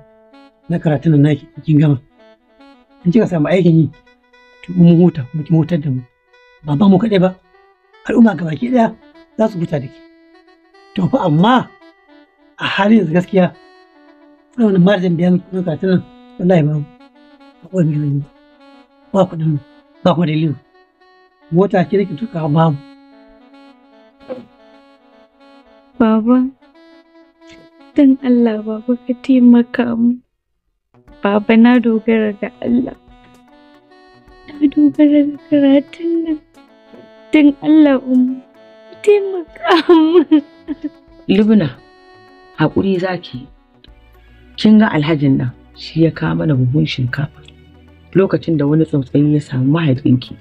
na karatun na naki cikin gama. In kika samu aikin yi, to mun huta, mu ki hutar da mu. Ba ba mu kaɗai ba, al'umma ga baki ɗaya za su huta da ke. To fa amma a halin yanzu gaskiya, kuna wani zan biya miki na karatun nan, wallahi ba ba kuwa miliyoyi ba kuɗin ba kuma dalilin. Mota ce da ke ba mu. Baba, don Allah Baba ka taimaka mu. Baba na dogara ga Allah. Na dogara ga karatun nan. Don Allah umu, taimaka mu. Lubna, haƙuri zaki. Kin ga alhajin nan shi ya kawo mana buhun shinkafa lokacin da wani tsautsayi ya samu mahaifinki.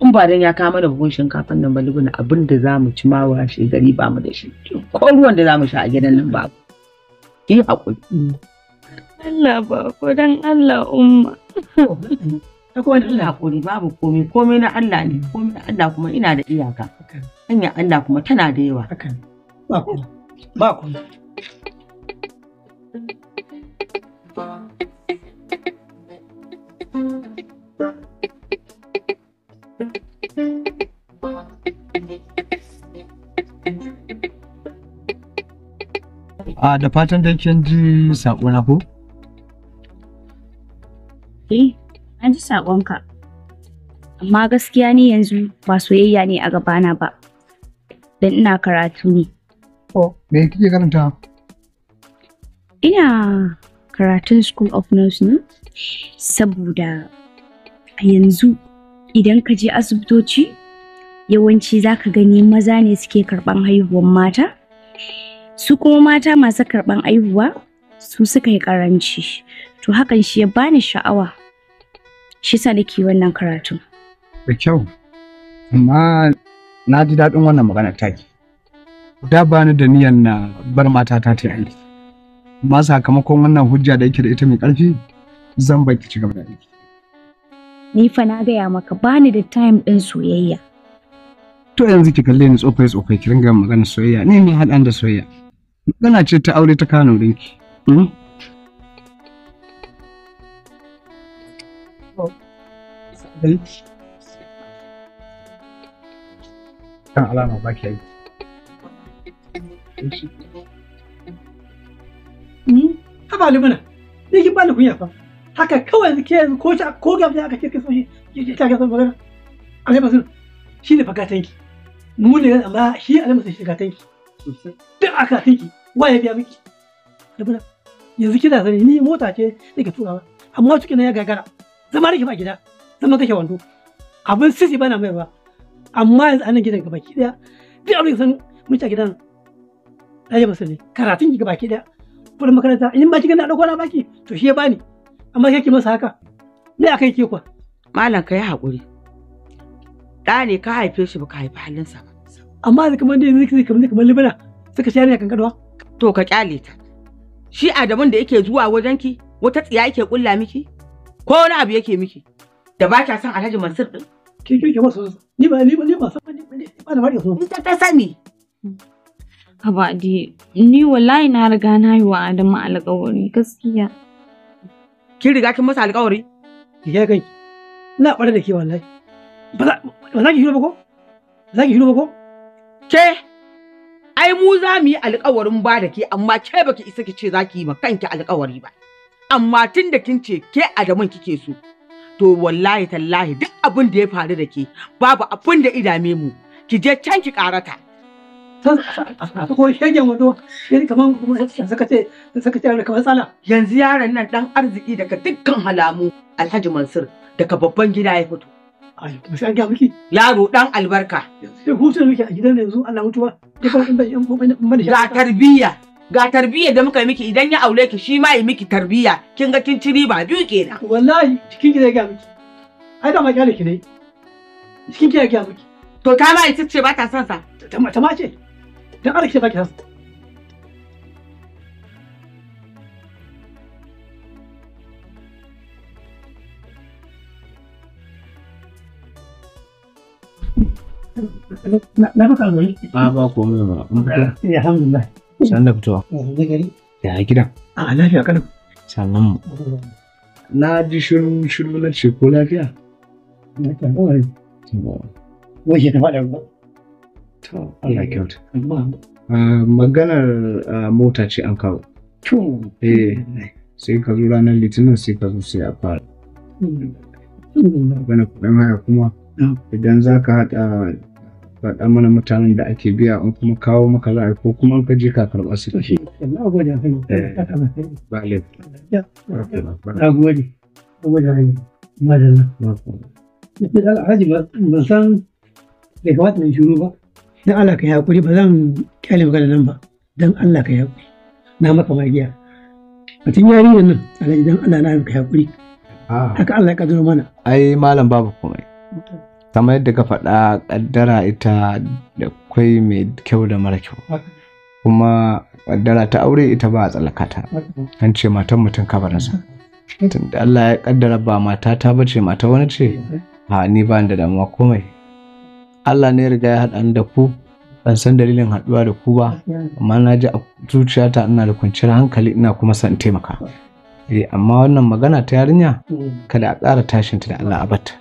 in ba dan ya kawo mana buhun shinkafan nan balibuna abin da za mu ci ma washe gari ba mu da shi ko ruwan da za mu sha a gidan nan babu ki hakuri Allah ba ko dan Allah umma ta kuma da Allah hakuri babu komai komai na Allah ne komai na Allah kuma ina da iyaka hanyar Allah kuma tana da yawa ba ku ba ku A ah, da fatan da kin ji saƙo na ko? Eh, an ji saƙonka. Amma gaskiya ni yanzu ba soyayya ne a gabana ba. Don ina karatu ne. Oh, me kike karanta? Ina karatun School of Nursing saboda a yanzu idan ka je asibitoci yawanci za ka gani maza ne suke karɓan haihuwar mata su kuma mata masu karɓan haihuwa su suka yi ƙaranci to hakan shi ya bani sha'awa shi sa nake wannan karatu da kyau amma na ji daɗin wannan magana taki da bani da niyan na bar mata ta aiki amma sakamakon wannan hujja da yake da ita mai ƙarfi zan baki ci gaba da aiki ni fa na gaya maka bani da time ɗin soyayya. To yanzu ki kalle ni tsofai tsofai ki ringa magana soyayya ni ne haɗan da soyayya. Magana ce ta aure ta Kano ɗinki. Hmm? Kan alama ba ki yi. Hmm? Haba limana, ne ki bani kunya fa. haka kawai da ke yanzu ko ta ko ya aka ce ka so shi ki ta ga son magana alai basir shi ne fagatanki mu ne amma shi alai basir shi fagatanki duk aka tinki wa ya biya miki dabuna yanzu kina sani ni mota ce nake turawa amma tuki na ya gagara zama nake ba gida zama kashe wando abin sisi bana mai ba amma yanzu anan gidan gaba ki daya duk abin san mun ta gidan ɗaya masu ne karatun ki gaba ki daya kuɗin makaranta in ba kika gani a ɗauko na baki to shi ya bani amma kake masa haka me akai ke kwa malam kai hakuri da ne ka haife shi baka haifi halinsa ba amma da kamar da yanzu kamar kamar libana suka share ne kankanwa to ka kyale ta shi adamin da yake zuwa wajenki wata tsiya yake kulla miki ko wani abu yake miki da ba kya san Alhaji Mansur din ke ke ke masu ni ba ni ba ni ba san ni ba na mariya so ni ta sani Haba di ni wallahi na riga na yi wa Adamu alƙawari gaskiya kin riga kin masa alƙawari ki ga kai ina bare da ke wallahi ba za ki yi ba ko ba za ki ba ko ke ai mu za mu yi alƙawarin ba da ke amma ke baki isa ki ce za ki yi ma kanki alƙawari ba amma tun da kin ce ke adamin kike so to wallahi tallahi duk abin da ya faru da ke babu abin da idame mu ki je can ki karata ko shegen wando yadda kaman sakatare sakatare kamar tsala yanzu yaron nan dan arziki daga dukkan halamu alhaji mansur daga babban gida ya fito ai musan ga miki yaro dan albarka sai hutun miki a gidan yanzu Allah mutuwa ya fa in ban ga tarbiyya ga tarbiyya da muka miki idan ya aure ki shi ma yi miki tarbiyya kin ga kin ciri ba biyu kenan wallahi cikin ki zai ga miki ai da ma kyale ki ne cikin ki ya ga miki to ta ma ita ce ba ta son sa ta ma ce تعرف Na baka gari? A ba komai ba. Alhamdulillah. San da fitowa. Ya gidan. A lafiya kanin. Sannan Na ji shiru shiru na ce ko lafiya? Na kan kawai. Wai ke tafa da To, eh, Allah kyauta. Ah, maganar ah, mota ce an kawo. To. Eh, sai ka zo ranar litinin sai ka zo sai a fara. Magana kuɗin haya kuma ah. idan za ka haɗa faɗa mana mutanen da ake biya an kuma kawo maka za ko kuma an ka je ka karɓa su Na gode eh, Ba Na gode. Na gode Madalla. Na gode. Alhaji ba san bai kamata na shuru ba. dan Allah ka yi hakuri ba zan kyale magana nan ba dan Allah ka yi hakuri na maka magiya batun yarinyar nan alhaji dan Allah na ka yi hakuri ah. haka Allah ya kaddaro mana ai malam babu komai kamar yadda ka faɗa kaddara ita da kwai mai kyau da mara kyau kuma kaddara ta aure ita ba a tsallakata an ce matan mutum kabarinsa da Allah ya kaddara ba mata ta bace mata wani ce ha ni ba da damuwa komai Allah ne riga ya haɗa da ku ban san dalilin haɗuwa da ku ba amma na ji a zuciyata ina da kwanciyar hankali ina kuma son taimaka eh amma wannan magana ta yarinya kada a ƙara tashin ta da Allah abata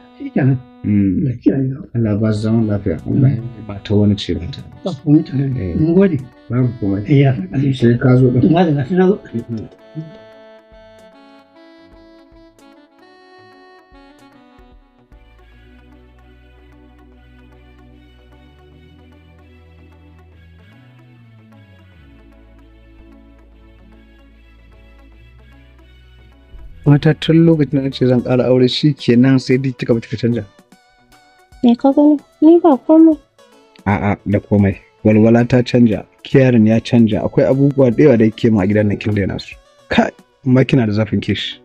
hmm. Allah ba su zama lafiya hmm. Allah ba ta wani ce ba ta eh. mun gode babu kuma eh, sai ka zo da na zo hmm. mata tun lokacin da ce zan ƙara aure shi ke nan sai dai kika bata canja me ka gani ni ba komai a'a da komai walwala ta canja kiyarin ya canja akwai abubuwa da yawa da ke ma a gidan nan kin yana su Ka makina da zafin kishi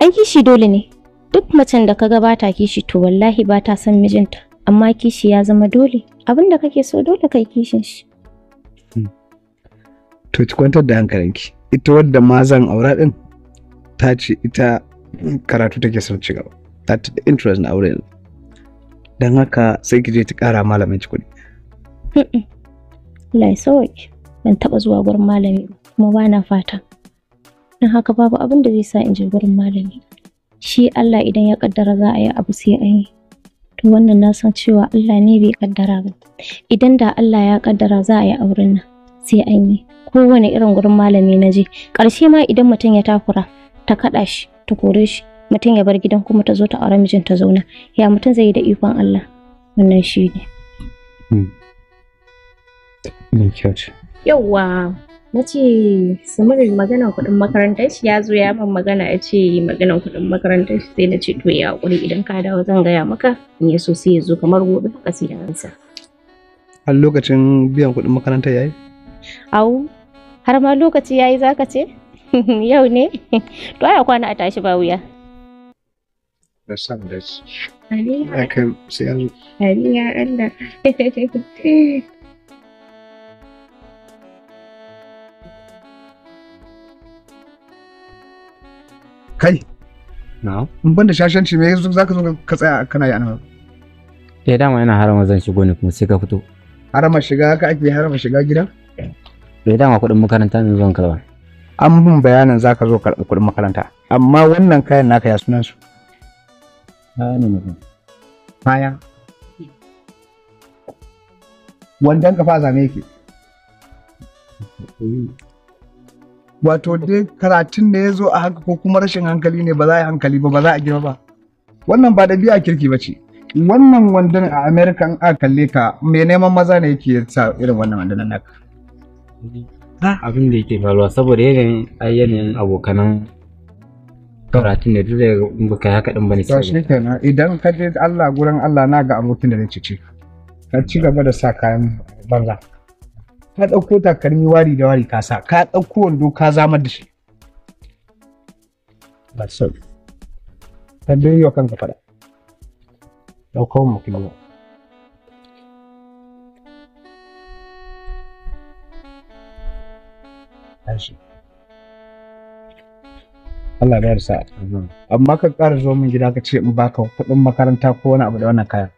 ai kishi dole ne duk macen da ka gabata kishi to wallahi ba ta son mijinta amma kishi ya zama dole abin kake so dole kai kishin shi hmm. to ki kwantar da hankalinki ita wadda ma zan aura din ta ce ita karatu take son ci gaba ta ta da interest na aure don haka sai ki je ta kara malamin ci kudi lai ya ban taɓa zuwa gurin malami kuma ba na fata dan haka babu abin da zai sa in je gurin malami shi Allah idan ya kaddara za a yi abu sai an yi to wannan na san cewa Allah ne bai kaddara ba idan da Allah ya kaddara za a yi auren nan sai an yi kowane irin gurin malami na je ƙarshe ma idan mutum ya takura ta kaɗa shi ta kore shi mutum ya bar gidan kuma ta zo ta aure mijin ta zauna ya mutum zai yi da ikon Allah wannan shi ne. Hmm. Yawwa na ce samari magana kuɗin makarantar shi ya zo ya min magana ya ce magana kuɗin makarantar shi sai na ce to ya haƙuri idan ka dawo zan gaya maka in ya so sai ya zo kamar gobe ka sai da ansa. A lokacin biyan kuɗin makarantar ya yi? Au, har ma lokaci ya yi za ka ce? [laughs] Yau ne? To ai kwana a tashi ba wuya. Da san da shi. kan sai an. Aliya Allah. [laughs] Kai. Na. mun banda shashanci me yanzu zaka zo ka tsaya kana yi anan. Eh dama ina harama zan shigo ne kuma sai ka fito. Harama shiga haka ake harama shiga gidan? Eh dama kuɗin makaranta ne zan kawo. an bin bayanin ka zo karɓi kuɗin makaranta amma wannan kayan naka ya sunan su kaya wandan kafa zame yake wato dai karatun da ya zo a haka ko kuma rashin hankali ne ba za a yi hankali ba ba za a gina ba wannan ba ɗabi'a kirki ba ce wannan wandan a amerika in a kalle ka mai neman maza ne yake sa irin wannan wandan naka abin da yake faruwa saboda yanayin ayyanin abokanan karatun da zai buka haka din bane sai shi kenan idan ka je Allah gurin Allah na ga abokin da na cici ka ci gaba da sa kayan banza ka dauko takalmi wari da wari ka sa ka dauko wando ka zamar da shi ba sau ka dai yau ka faɗa dauko mu kuma Allah ya sa amma ka ƙara zo min gida ka ce in baka kuɗin makaranta ko wani abu da wannan kayan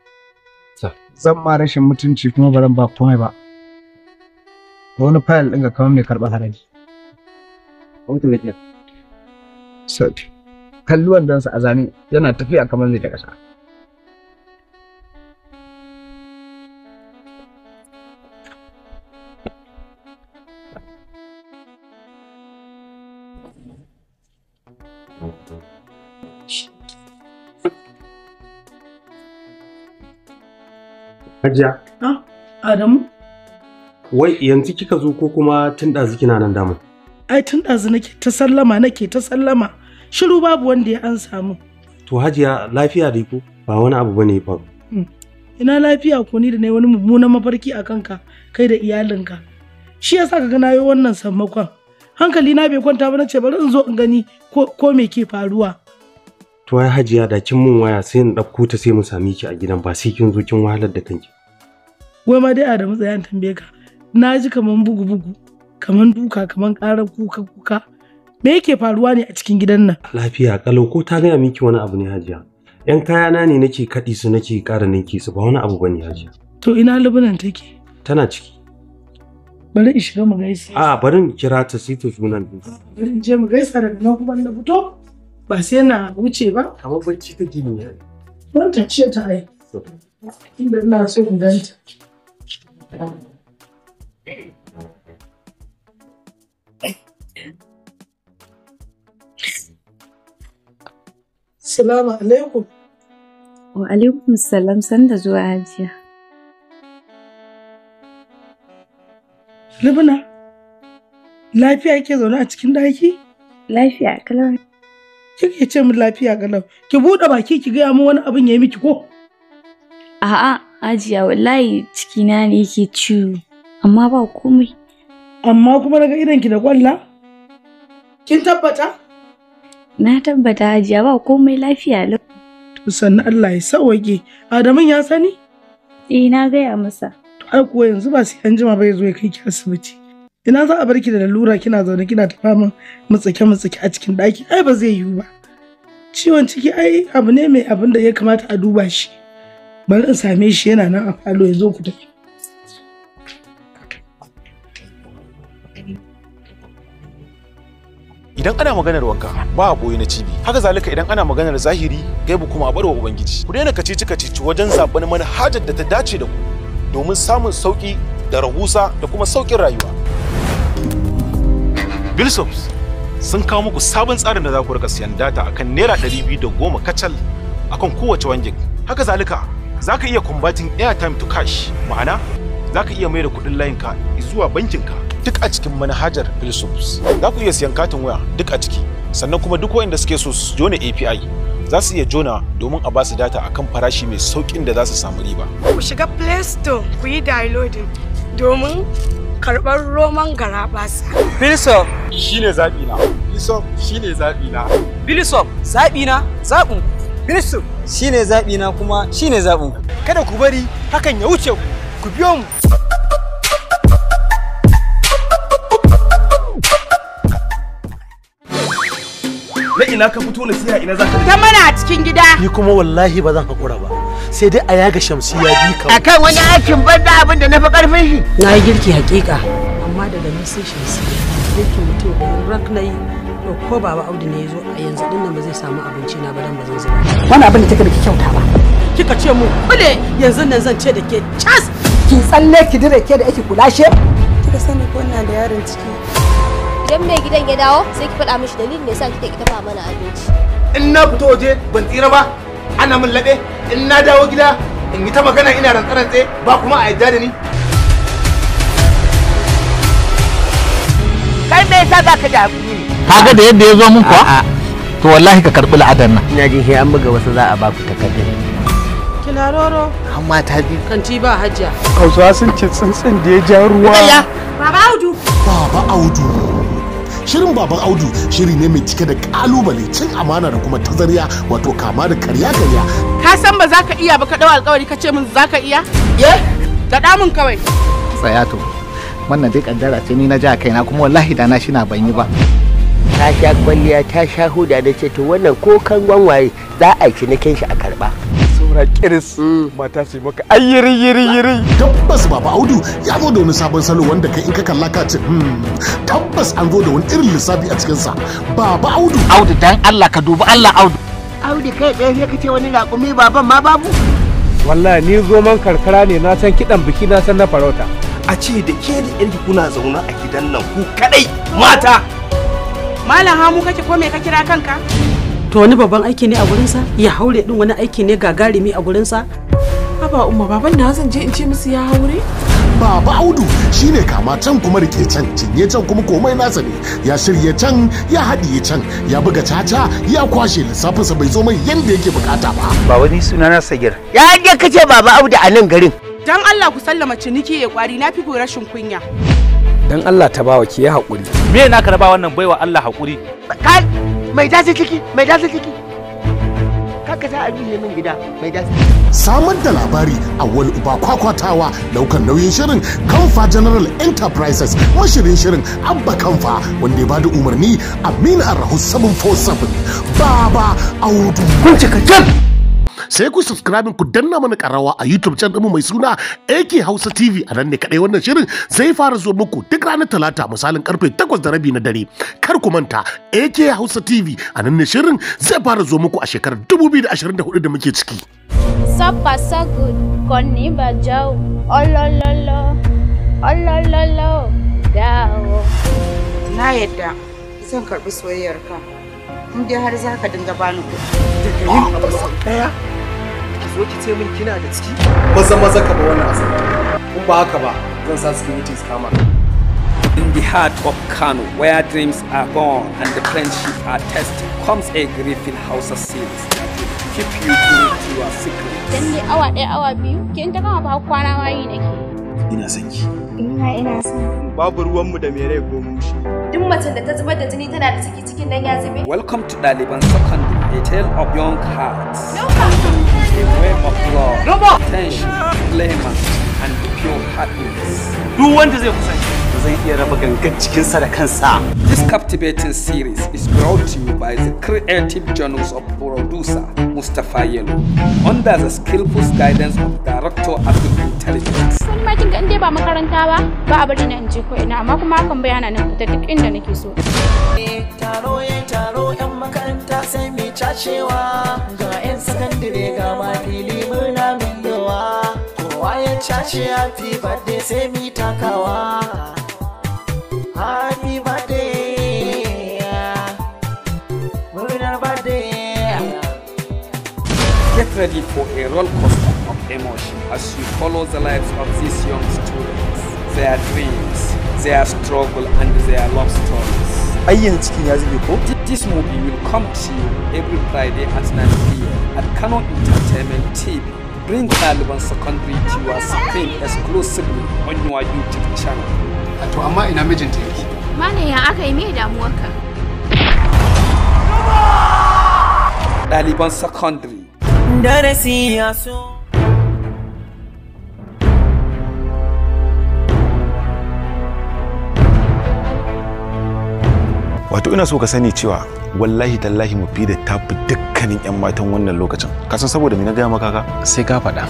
zan ma rashin mutunci kuma ba zan ba komai ba wani fayil ɗin ka kamar mai karɓar haraji kalluwan dansa a zane yana tafiya kamar zai ta ƙasa Hajiya. Ah, Adamu. Wai yanzu kika zo ko kuma tun ɗazu kina nan damu? Ai tun ɗazu nake ta sallama nake ta sallama. Shiru babu wanda ya an samu. To Hajiya lafiya dai ko ba wani abu bane ba. Hmm. Ina lafiya ko ni da nayi wani mummunan mafarki a kanka kai da iyalinka. Shi yasa ka ga yi wannan sammakon. Hankali na bai kwanta ba na ce bari in zo in gani ko me ke faruwa. to ai hajiya da kin mun waya sai in ɗauko ta sai mu sami ki a gidan ba sai kin zo kin wahalar da kanki wai ma dai Adamu tsaya in tambaye ka na ji kaman bugu bugu kaman duka kaman karar kuka kuka me yake faruwa ne a cikin gidan nan lafiya kalau ko ta gaya miki wani abu ne hajiya yan kayana ne nake kadi su nake ƙara ninki su ba wani abu bane hajiya to ina lubunan take tana ciki bari in shiga mu gaisa a bari in kira ta sai ta sunan bari in je mu gaisa da nan kuma na fito ba sai na wuce ba amma barci ta gini ne wanda ce ta ai inda ina so in ganta Salamu alaikum. Wa alaikum salam sanda zuwa hajiya. Rubuna, lafiya ke zaune a cikin ɗaki? Lafiya, kalau. kike ce min lafiya nan ki buɗe baki ki gaya min wani abin ya yi miki ko a'a ajiya wallahi cikina ne yake ciwo amma ba komai amma kuma daga idan ki da kwalla kin tabbata na tabbata ajiya ba komai lafiya lau to sannan Allah ya sauke adamin ya sani eh na gaya masa to ai kuwa yanzu ba sai an jima ba ya zo ya kai ki asibiti ina za a bar ki da lalura kina zaune kina ta fama mutsike mutsike a cikin ɗaki ai ba zai yiwu ba ciwon ciki ai abu ne mai abin da ya kamata a duba shi bari in same shi yana nan a falo ya zo ku tafi idan ana maganar wanka ba a boye na cibi haka zalika idan ana maganar zahiri gaibu kuma a barwa ubangiji ku daina kacici kacici wajen zaɓar manhajar da ta dace da ku domin samun sauƙi da rahusa da kuma sauƙin rayuwa Bilsops sun kawo muku sabon tsarin da za ku rika siyan data akan naira ɗari biyu da goma kacal akan kowace wangin. Haka zalika za ka iya kumbatin airtime to cash ma'ana za ka iya mai da kuɗin layinka zuwa bankin ka. duk a cikin manhajar Bilsops. Za ku iya siyan katin waya duk a ciki sannan kuma duk waɗanda suke so su jona API za su iya jona domin a ba su data akan farashi mai saukin da za su samu riba. Ku shiga Play Store ku yi downloading domin karɓar roman garabasa. Bilisop shine zaɓi na. Bilisop shine zaɓi na. Bilisop zaɓi na zaɓin. Bilisop shine zaɓi na kuma shine zaɓin. Kada ku bari hakan ya wuce ku. Ku biyo mu. Na ina ka fito na siya ina za ka. Ta mana a cikin gida. Ni kuma wallahi ba zan haƙura ba. sai dai a yaga ya bi ka akan wani aikin banza abin da na fi karfin shi na yi girki hakika amma daga ni sai shamsiya girki mutum rak na yi ko baba audu ne ya zo a yanzu din nan ba zai samu abinci na ba dan ba zan zuba wani abin da take da kyauta ba kika ce mu kule yanzu nan zan ce da ke cas ki tsalle ki dire ke da ake kulashe kika sani ko ina da yaron ciki idan mai gidan ya dawo sai ki faɗa mishi dalilin da yasa kike ki tafa mana abinci in na fito je ban tsira ba ana min laɓe in na dawo gida in yi ta magana ina rantsarantse ba kuma a yadda da ni kai me yasa baka da hakuri ne kaga da yadda ya zo mun kuwa to wallahi ka karbi la'adan nan ina jin sai an buga wasu za a ba ku takardar kilaroro an mata biyu kanti ba Hajiya. Kausa sun ce tsuntsun da ya ja ruwa baba audu baba audu shirin baban audu shiri ne mai cike da kalubale cin amana da kuma tazariya wato kama da karya karya ka san ba za ka iya ba ka dau alkawari ka ce min za ka iya ye da damun kawai tsaya to wannan dai kaddara ce ni na ja kaina kuma wallahi da na shi na ban yi ba ta sha kwalliya ta sha huda da ce to wannan ko kan waye za a yi cinikin shi a karba saura kiris mm. mata su maka ayyiri yiri yiri tabbas baba audu ya zo da wani sabon salo wanda kai in ka kalla ka ce hmm, tabbas an zo da wani irin lissafi a cikin sa baba audu audu dan Allah ka dubi Allah audu audu kai ɗaya sai kace wani raƙumi baban ma babu wallahi ni zoman karkara ne na san kiɗan biki na san na farauta a ce da ke da yarki kuna zaune a gidan nan ku kadai mata malam hamu kake ko me ka kira kanka to wani babban aiki ne a gurinsa ya haure din wani aiki ne gagarumi a gurinsa haba umma baban na zan je in ce musu ya haure baba audu shine kama can kuma rike can cinye can kuma komai nasa ne ya shirye can ya haɗiye can ya buga caca ya kwashe lissafin sa bai zo mai yanda yake bukata ba ba wani suna na sagir ya ka ce baba audu a nan garin dan Allah ku sallama ciniki ya kwari na fi rashin kunya dan Allah ta bawa ki ya haƙuri me na ka raba wannan baiwa Allah hakuri? mai dasi ciki mai dasi ciki kaka sa a biye min gida mai dasi samar da labari wani uba kwakwatawa daukan nauyin shirin kamfa general enterprises mashirin shirin abba kamfa wanda ya bada umarni amina Arahu 747 baba audu kun cika sai ku subscribe ku danna mana karawa a YouTube channel mu mai suna AK Hausa TV a nan ne kadai wannan shirin zai fara zuwa muku duk ranar Talata misalin karfe 8 da rabi na dare kar ku manta AK Hausa TV a nan ne shirin zai fara zuwa muku a shekarar 2024 da muke ciki Sapa sagu koni jau olololo olololo dawo na yadda zan karbi soyayyar ka. in dai har za ka dinga bani kuɗi daga yin abu sau ɗaya ki zo ki ce min kina da ciki maza maza ka ba wannan asibiti in ba haka ba zan sa securities kama In the heart of Kano, where dreams are born and the friendship are tested, comes a grieving Hausa series that will keep you true to your secret. Dan ne awa ɗaya awa biyu, kin ta kama ba kwana ma yi nake. ina son ki ina ina son babu ruwanmu da mere ko mushi duk macen da ta zubar da jini tana da ciki cikin nan ya zube welcome to daliban second. a tale of young hearts no a way of love no tension glamour and pure happiness duk wanda zai kusanci zai iya raba gangan sa da kansa. This captivating series is brought to you by the creative journals of producer Mustapha Yelo under the skillful guidance of Director Abdul Intelligence. Wani ma kinga inda ba makaranta ba ba a bari na in je ko ina amma kuma hakan bayana nan fita duk inda nake so. Taro ya taro 'yan makaranta sai mai cacewa ga 'yan sakandire ga ma fili muna miliyowa. Kowa ya cashe ya fi sai mai takawa. happy birthday murnar birthday get ready for a roll coaster of emotion as you follow the lives of these young students their dreams their struggle and their love stories ayyan cikin ya zube ko this movie will come to you every friday at 9 p.m at canon entertainment tv bring taliban secondary to your screen exclusively on your youtube channel to amma ina mijinta Malam ya aka yi me damuwarka? Ɗaliban secondary. Darasi ya so. wato ina so ka sani cewa wallahi tallahi mu fi da tafi dukkanin 'yan matan wannan lokacin kasan saboda me na gaya maka sai ka faɗa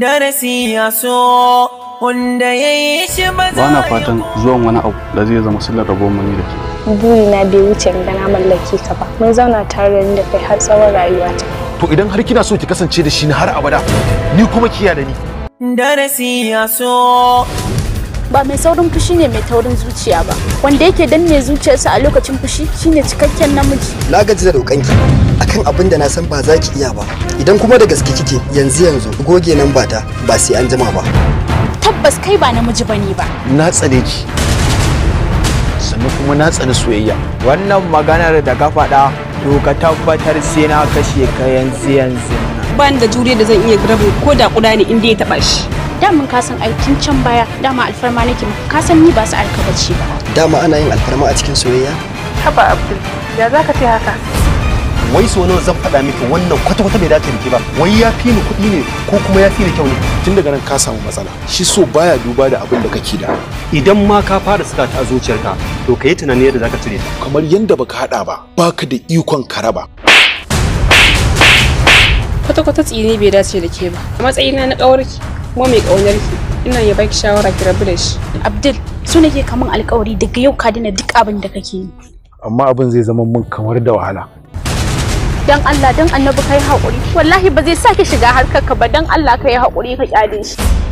darasi ya so wanda ya yi shi ba za Bana fatan zuwan wani abu da zai zama sillar rabon mu da ke. Burina bai wuce ga na mallake ka ba. Mun zauna tare da kai har tsawon rayuwata. To idan har kina so ki kasance da shi na har abada, ni kuma kiya da ni. Darasi ya so. Ba mai saurin fushi ne mai taurin zuciya ba. Wanda yake danne zuciyarsa a lokacin fushi shine cikakken namiji. Na gaji da roƙonki akan abin da na san ba za ki iya ba. Idan kuma da gaske kike yanzu yanzu goge nan ba ta ba sai an jima ba. tabbas kai ba namiji bane ba na tsare ki sannan kuma na tsare soyayya wannan maganar da ka faɗa to ka tabbatar sai na kashe ka yanzu yanzu ban da juriya da zan iya grabo ko da kuda ne inda ya taba shi damin ka san aikin can baya dama alfarma nake ka san ni ba su alkabaci ba dama ana yin alfarma a cikin soyayya haba abdul ya zaka ce haka wai so nawa zan faɗa miki wannan kwata-kwata bai dace da ke ba wai ya fi ni kuɗi ne ko kuma ya fi ni kyau ne tun daga nan ka samu matsala shi so baya duba da abin da kake da idan ma ka fara suka ta zuciyarka to ka yi tunanin yadda zaka cire ta kamar yadda baka haɗa ba baka da ikon karaba kwata-kwata tsini bai dace da ke ba a matsayina na ƙawarki kuma mai ƙaunarki ina ya baki shawara ki rabu da shi abdul su nake kaman alƙawari daga yau ka dina duk abin da kake yi amma abin zai zama mun kamar da wahala dan Allah dan annabi kai haƙuri wallahi ba zai sake shiga harkar ka ba dan Allah kai haƙuri ka kyale shi